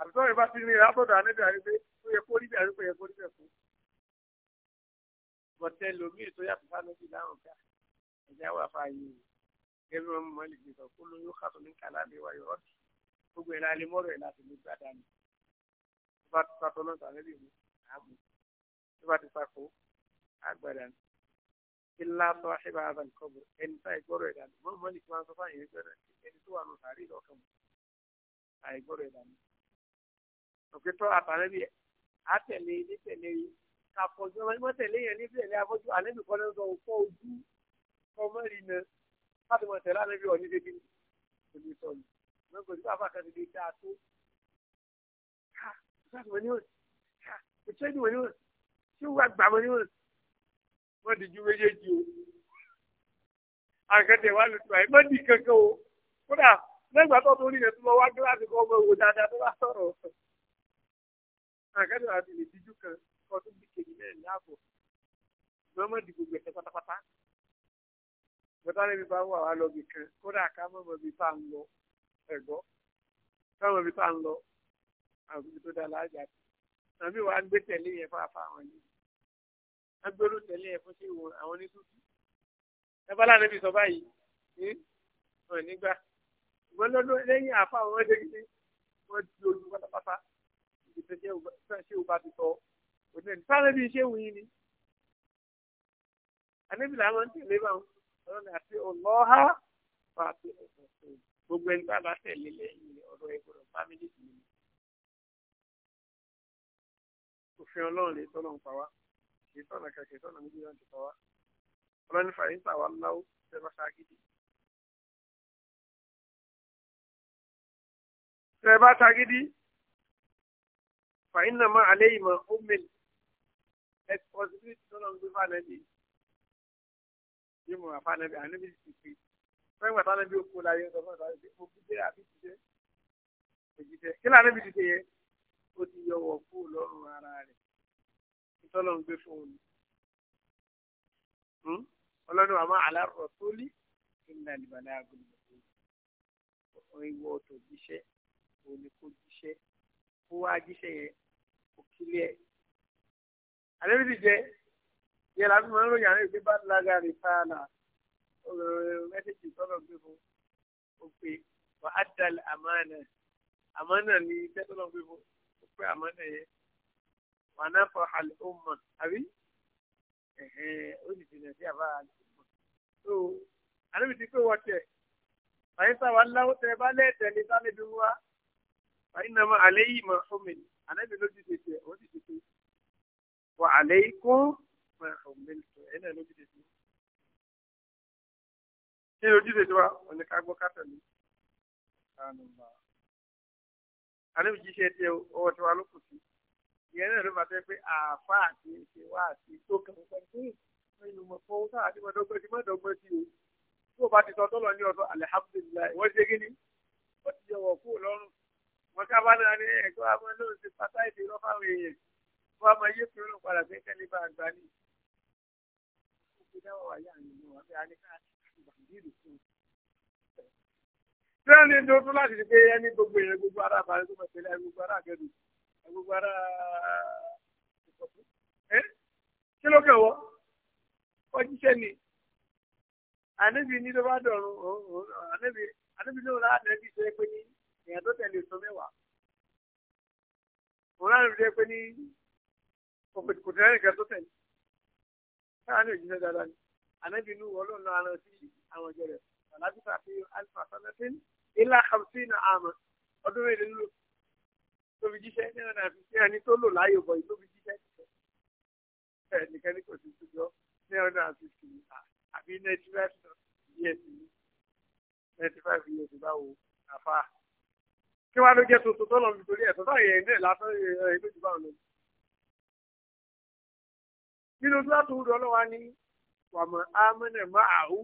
àbùsọ̀rọ̀ bá ti ní ìrábọ̀dọ̀ anabi àrígbé ó yẹ kó rí bẹ́ẹ̀ àrígbé yẹ kó rí bẹ́ẹ̀ fún bọ̀tẹ́ lomi tó yàtọ̀ sánúbì láwọn ká ẹ̀já wà fààyè gẹ́gẹ́ bí wọ́n mọ̀ lè gbèsò kó ló yóò kàtó ní kàlábì wa yọ̀rọ̀ kì gbogbo ẹ̀rọ alẹ́ mọ́rọ̀ ẹ̀ láti lè gbà dání tó bá ti sàkó náà sànẹ́bì mu àmú tó bá ti sàkó àgbà dání kí ńlá sọ àṣìbá àbá nǹkan bò ẹni tá ìgbọ́rọ̀ ẹ̀ dání mọ́ mọ́lì kí wọ́n sọ fáyìn ẹgbẹ́rẹ́ ẹni tó wà nù sàárì lọ́kàn mu àìgbọ́rọ̀ ẹ̀ dání òkè tó àtàlẹ́bì àtẹ̀lé àpọ̀jù ọmọ ẹni mọ́tẹ̀lé yẹn ní ìfẹ̀lẹ́ afọ́jú àlẹ́bí kọ́ lọ́sọ òkú ojú ọmọ rí na láti mọ̀ tẹ̀lé àlẹ́bí ọ̀ ní débi kò ní sọ ní wọn kò ní bá fàkà ti di dáa tó ká ìṣàkùnmọ́ ní òsì ká ìṣẹ́dùnmọ́ ní òsì tí ó wà gbàmọ́ ní òsì wọ́n di ju méjèèjì o àkẹ́tẹ̀ wà lùtù àyè mọ́dì kankan o kódà lẹ́gbà tó tó rí yẹn tó lọ wá gíláàsì kọ́ ọmọ ìwò dáadáa tó bá sọ̀rọ̀ àkẹ́tẹ̀ kọ́ tó bí kejì náà ní ààbò ìgbọ́n mọ̀ dìbò gbèsè pátápátá bàtà níbi bá wà wá lọ́bì kan kódà ká mọ̀ mọ̀ bí tá à ń lọ ẹ̀gbọ́ ká mọ̀ bí tá à ń lọ àwọn ibi tó dáa láàjà tó àbí wàá gbé tẹ̀lé yẹn fáfá àwọn yìí agbérò tẹ̀lé yẹn fún sí ìwọ̀n àwọn onídùúdú ẹbálà níbi sọ báyìí ní wọn nígbà ìwọ lọ́dún lẹ́yìn àfa àwọn ọmọdé gidi wọ́n ti lójú pátápátá ìgbésẹ̀ jẹ́ ìgbésẹ̀ ṣé o bá ti tọ́ òdìdẹ́ni sáré bíi ṣé wùyí ni àníbìlà máa ń tẹ̀lé báwọn ọlọ́run àti ọlọ́ha fà á pé ọ̀sán gbogbo ẹni bá bá tẹ̀lé lẹ́yìn ọ̀rọ̀ ẹgbẹ̀rún fámìlì tìlú òfin ọlọ́run lè tọ́nà ń pa wá kì í tọ́nà kan kì í tọ́nà méjì náà ti pa wá ọlọ́run fàyè ń tà wá láwọ́ ṣe bá ṣáàgídì. ṣe bá ṣáàgídì fàyè náà máa àlẹ́ ìmọ̀ ó mẹ́lì responsibility tó lọ́n gbé fànẹ́bì yìí mọ̀ fànẹ́bì ànẹ́bì ti fi fẹ́ẹ́ gbà fànẹ́bì ó kó láyé sọ fún ìtàwọn ìdíje òkú dé àbí ti dé èjì tẹ kí lànẹ́bì ti dé yẹ ó ti yọ wọ̀ kú lọ́rùn ara rẹ̀ ìtọ́lọ́n gbé fóònù ọlọ́run àmọ́ àlárọ̀ tó lé ìlànà ìbàdàn àgùnbọ̀ ìwọ ọ̀tọ̀ jíṣẹ́ òní kò jíṣẹ́ kó wá jíṣẹ́ yẹn kò kílẹ̀ àlejò ti jẹ yẹ láti máa ń ròyìn àlejò pé bá lága rè fàlà mẹ́sẹ̀jì tọ́lọ̀ gbé fún ó pé wà á dalẹ̀ àmánà àmánà ni iṣẹ́ tọ́lọ̀ gbé fún ó pé àmánà yẹ wà á náfọ̀ àlè ó mọ̀ àbí ó sì jìnnà sí àbá àlè ó mọ̀ so àlejò ti pé wọ́n tẹ̀ àyè sábà láwọ́ tẹ̀ bá lẹ́ẹ̀tẹ̀ ní sálẹ̀ bí wá àyè nàmọ́ àlẹ́ yìí mọ̀ fún mi àlejò ló ti tètè ó ti tètè wa alaykum wa humiltu ẹ̀yìn náà lójúde sí kí ni ojúde sí wa wọn ni ká gbọ́ ká tẹ̀lé àlẹ́ òjíṣẹ́ tiẹ̀ ọwọ́ tiwa ló kù sí ìyẹn náà ló bá tẹ́ pé àáfà àti ìṣe wá àti tó kàn fún mi nínú mọ̀ fún sáà àti mọ̀dọ́gbọ́n ti mọ̀dọ́gbọ́n ti o tó o bá ti sọ tọ́lọ̀ ní ọ̀dọ́ alihamudulilayi wọ́n ṣe kí ni wọ́n ti yọ̀wọ̀ kú lọ́rùn wọn ká bá wọ́n á máa yé fún un padà pé kẹ́lẹ́ bá gbà ní. Tẹ́lẹ̀ ní o tún láti ṣe pé ẹni gbogbo èèyàn gbogbo ara àbáyé tó máa tẹ̀lé gbogbo ara àgẹ́dù gbogbo ara ìkọ̀tún. Kí ló kẹ̀wọ́? Ọjíṣẹ́ ni. Àníbi ní tó bá dọ̀rùn òun àníbi àníbi ló rà àdẹ́bí ṣe pé ní èèyàn tó tẹ̀lé oṣù mẹ́wàá. Òun rà àdẹ́bí ṣe pé ní kò tẹ́lẹ̀ nìkan tó tẹ̀lé sáà ní òjíṣẹ́ dáadáa ni ànábì inú ọlọ́run náà rán sí àwọn ìjọ rẹ̀ alábìsà fi alifa sanatin ilá na àmà ọdún mẹ́rin ló tóbi jíṣẹ́ náà náà fi ṣẹ́yà ní tó lò láàyè bọ̀ yìí tóbi jíṣẹ́ nìkan nìkan ní kò sí ìtújọ́ ní ọdún àti ìsìn àbí ninety five years ninety five years báwo àfa kí wàá ló jẹ́ tuntun tó lọ́n nínú sọ́ọ̀tù wúdọ̀ ọlọ́wà ní wàmọ̀ amẹ́nẹ̀ má àhú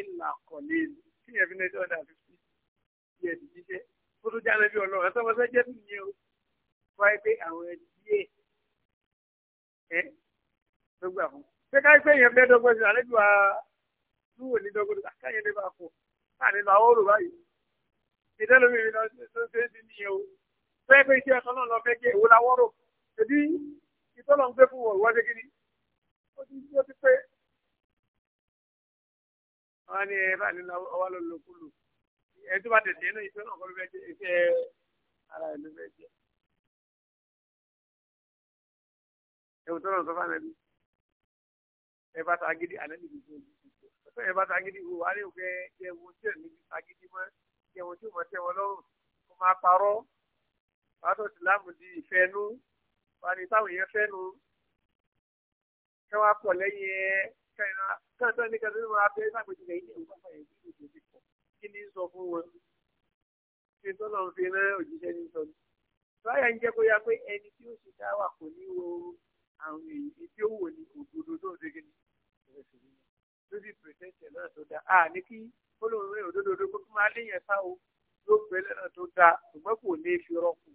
ìlà kọ̀lé tí yẹn fi ní ẹjọ́ ọ̀dà fífi yẹ ti jíṣẹ́ ó tó jáde bí ọlọ́run ẹ̀sọ́ ọmọọṣẹ́ jẹ́ nìyẹn o wáyé pé àwọn ẹ̀díyẹ ẹ ló gbà fún ṣé ká pé yẹn fẹ́ dọ́gbọ́n sí àlejò wa lúwo ní dọ́gbọ́n sí àkáyẹ̀ lè máa pọ̀ láàrin lọ àwọn òrùba yìí ìdẹ́lómi mi lọ sí ẹ̀sìn nìyẹn o fẹ́ pé iṣẹ́ ẹ̀sán náà lọ fẹ́ gé ìwòlá wọ́rọ̀ ṣèbí ìtọ́lọ́ ń gbé fún wọ̀ ìwọ́ṣẹ́ kìíní ó ti yé ti pé wọn ní ẹ bá nílò ọwọ́ ló lò kúlù ẹ tó bá tẹ̀sí inú ìfẹ́ náà kọ́ ló fẹ́ jẹ iṣẹ́ ara ẹ̀ ló fẹ́ jẹ. ewu tó náà sọ fún anabi ẹ bá ta agídí anabi kìí ṣe ojú ẹ bá ta agídí wo wàá rí òkè jẹ wo tí ò ní agídí mọ wo tí ò mọ tẹ wọn lọ́rùn kó máa parọ́ di ìfẹ́ nú wàá ní táwọn kẹ́ wá pọ̀ lẹ́yìn ẹ kẹ́hìn tó ní kẹ́hìn tó máa bẹ sàgbèjì lẹ́yìn ìwé ọ̀pọ̀ yẹn kí ló ti pọ̀ kí ni sọ fún wọn ṣe tó lọ́n fi rán òjíṣẹ́ ní sọ ni. báyà ń jẹ́ kó yá pé ẹni tí ó ṣe dáwà kò ní wo àwọn èyí tí ó wò ní òdodo tó ń segin ní lórí pẹ̀tẹ́tẹ̀ náà tó dáa à ní kí olóòórùn rẹ̀ òdodo kó tó máa léyìn ẹ̀fá o ló pẹ́ lẹ́nà tó dáa ṣùgbọ́n kò ní fi rọ́pò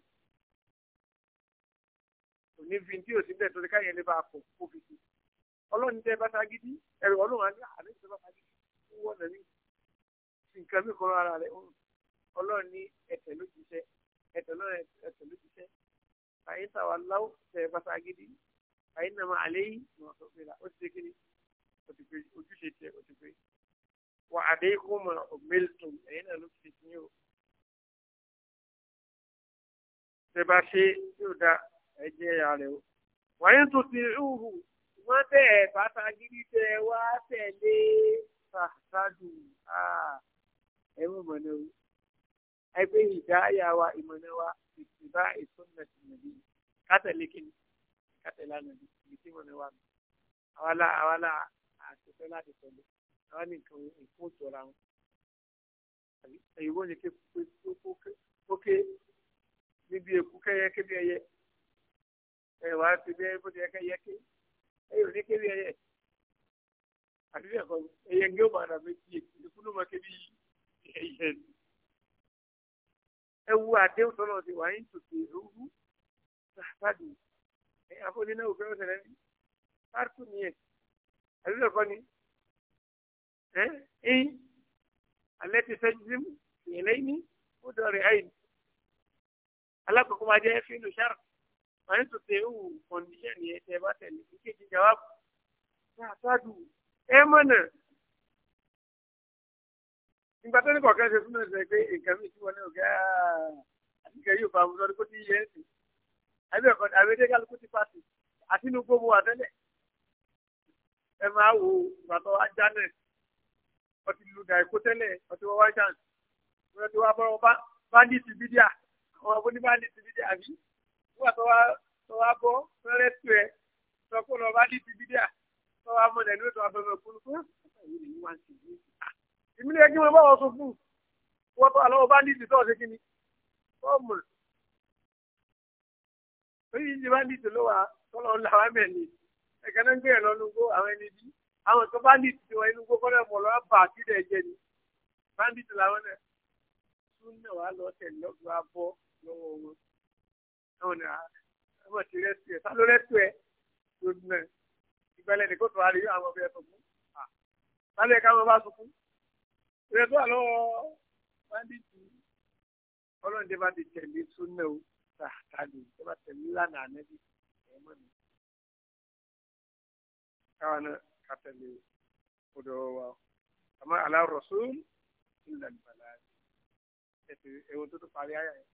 kò ní fi tí ò síbẹ̀ torí káyọ̀ lè bá a pọ̀ kó fi sí i ọlọ́run tẹ́ bá sagidi ẹ̀rọ ọlọ́run àti àlẹ́ tẹ́ bá sagidi fún wọn nàní nǹkan mi kọ́ra ara rẹ̀ ọlọ́run ní ẹ̀tẹ̀ ló ti ṣẹ́ ẹ̀tẹ̀ lọ́rọ̀ ẹ̀tẹ̀ ló ti ṣẹ́ àyè tàwa láwù tẹ́ bá sagidi àyè nàmà àlẹ́ yìí ni wọ́n sọ pé la ó ti ṣe kíni ó ti pé ojúṣe tiẹ̀ ó ti pé wà àdé kó mọ ọ̀gbẹ́lẹ̀tùn ẹ̀yìn náà ló ti ṣe ní o o wàyẹ̀ wọ́n tẹ̀ bàtà gidi tẹ wá tẹ̀lé ṣáàdù ah, ah, ẹ mú mọ̀nà o ẹgbẹ́ ìdáyà wa ìmọ̀nà wa ìtìbá ìsọ́nà ti nàbí kátẹ̀lé kíni kátẹ̀lé ànàbí ibi tí mọ̀nà wa mi àwàlà àwàlà àtẹ̀fẹ́ láti tẹ̀lé àwọn nìkan ìfún ìtura wọn èyíwó ni kókè níbi èkú kẹyẹ kébí ẹyẹ ẹ wàá ti bẹ bó ti yẹ kẹyẹ ké ẹyọ ní kébí ẹyẹ àbí bẹ́ẹ̀ kọ́ ẹyẹ ń gé ọmọ ara méjì èkó ló máa kébí ẹyẹ ni. ẹ wu àdéhùn tọ́lọ̀ ti wà ń tòkè owó sàkádù ẹ afọ́ni náà òfin ọ̀sẹ̀ lẹ́nu pàtó nìyẹn àbí bẹ́ẹ̀ kọ́ ni ẹ ẹyìn alẹ́ ti fẹ́ jíjìm ìyẹn lẹ́yìn ní ó dọ̀rẹ̀ àyìn alákòókò máa jẹ́ fílù sáré wọ́n tún ṣe wù kọ́ndíṣẹ̀ ní ẹ̀ṣẹ̀ bá tẹ̀lé kíkéjì jawabu ṣe àṣàdù ẹ mọ̀nà. nígbà tó ní kọ̀ọ̀kan ṣe fún ẹ̀ṣẹ̀ pé nǹkan mi ti wọlé ọ̀gá àtìkẹ́ yóò fa àwùjọ kó ti yẹ ẹ̀sìn àbẹ̀kọ̀ àbẹ̀dẹ́gàlùkù ti pàṣẹ àtinú gbogbo àtẹ́lẹ̀ ẹ máa wo ìbàtọ̀ ajá náà ọtí lùdà èkó tẹ́lẹ̀ ọtí wọ́n wá ṣáà wọ́n ti wá bọ́ bá bá ní ti bídíà àwọn abóní bá ní ti bídíà bíi wà tó wá tó wá bọ́ lọ́rẹ́ tù ẹ sọ pé lọ bá dìtì bídíà tó wá mọ̀ lẹ́nu ètò àfẹ́fẹ́ fún un fún ìmí lè kí wọn bá wọn sọ fún wọn tó àlọ́ bá dìtì tó ṣe kíni wọ́n mọ̀ orí ìdí bá dìtì ló wà tọ́lọ́ làwọn mẹ́rin ẹ̀kẹ́ náà ń gbé ẹ̀ lọ́nu gbó àwọn ẹni bí àwọn tó bá dìtì tiwọn inú gbó kọ́lẹ́ mọ̀ lọ́wọ́ bá àtìlẹ̀ jẹ ni bá dìtì làwọn náà tún náà wà lọ tẹ̀lé ọgbà bọ́ lọ́wọ́ wọn náà ni ọmọ ti rẹ́tù ẹ̀ sálọ rẹ́tù ẹ̀ tó dùn ẹ̀ ìgbẹ́lẹ̀ ní kó tó àrí àwọn ọbẹ̀ ẹ̀sùn fún sálẹ̀ káwọn bá sunkún ìrẹsùn àlọ́ báńdíìtì ọlọ́run tẹ́ bá ti tẹ̀lé súnà o tààtàlù tẹ́ bá tẹ̀lé lánàá nẹ́bí ẹ̀ mọ́ mi. káwọn náà ká tẹ̀lé ọ̀dọ̀ wa àmọ́ àlá ìlànà ìbàlá ẹ̀ ẹ̀wọ̀n tó tó parí ayà yẹn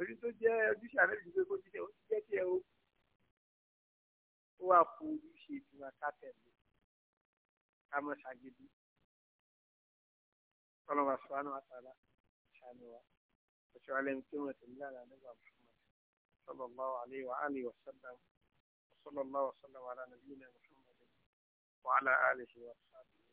orí tó jẹ́ ojúṣe àná ìdílé kó jíṣẹ́ ó ti jẹ́ kí ẹ ó wà fún ojúṣe ìtura ká tẹ̀lé ká mọ̀ ṣàgídí ọlọ́wà sọ́nà àtàlà ṣàánú wa ọ̀ṣọ́ alẹ́mi tí wọ́n ti ní lára nígbà Muhammad sallallahu alaihi wa alihi wa sallam sallallahu alaihi wa sallam ala nabiyina Muhammad wa ala alihi wa sallam.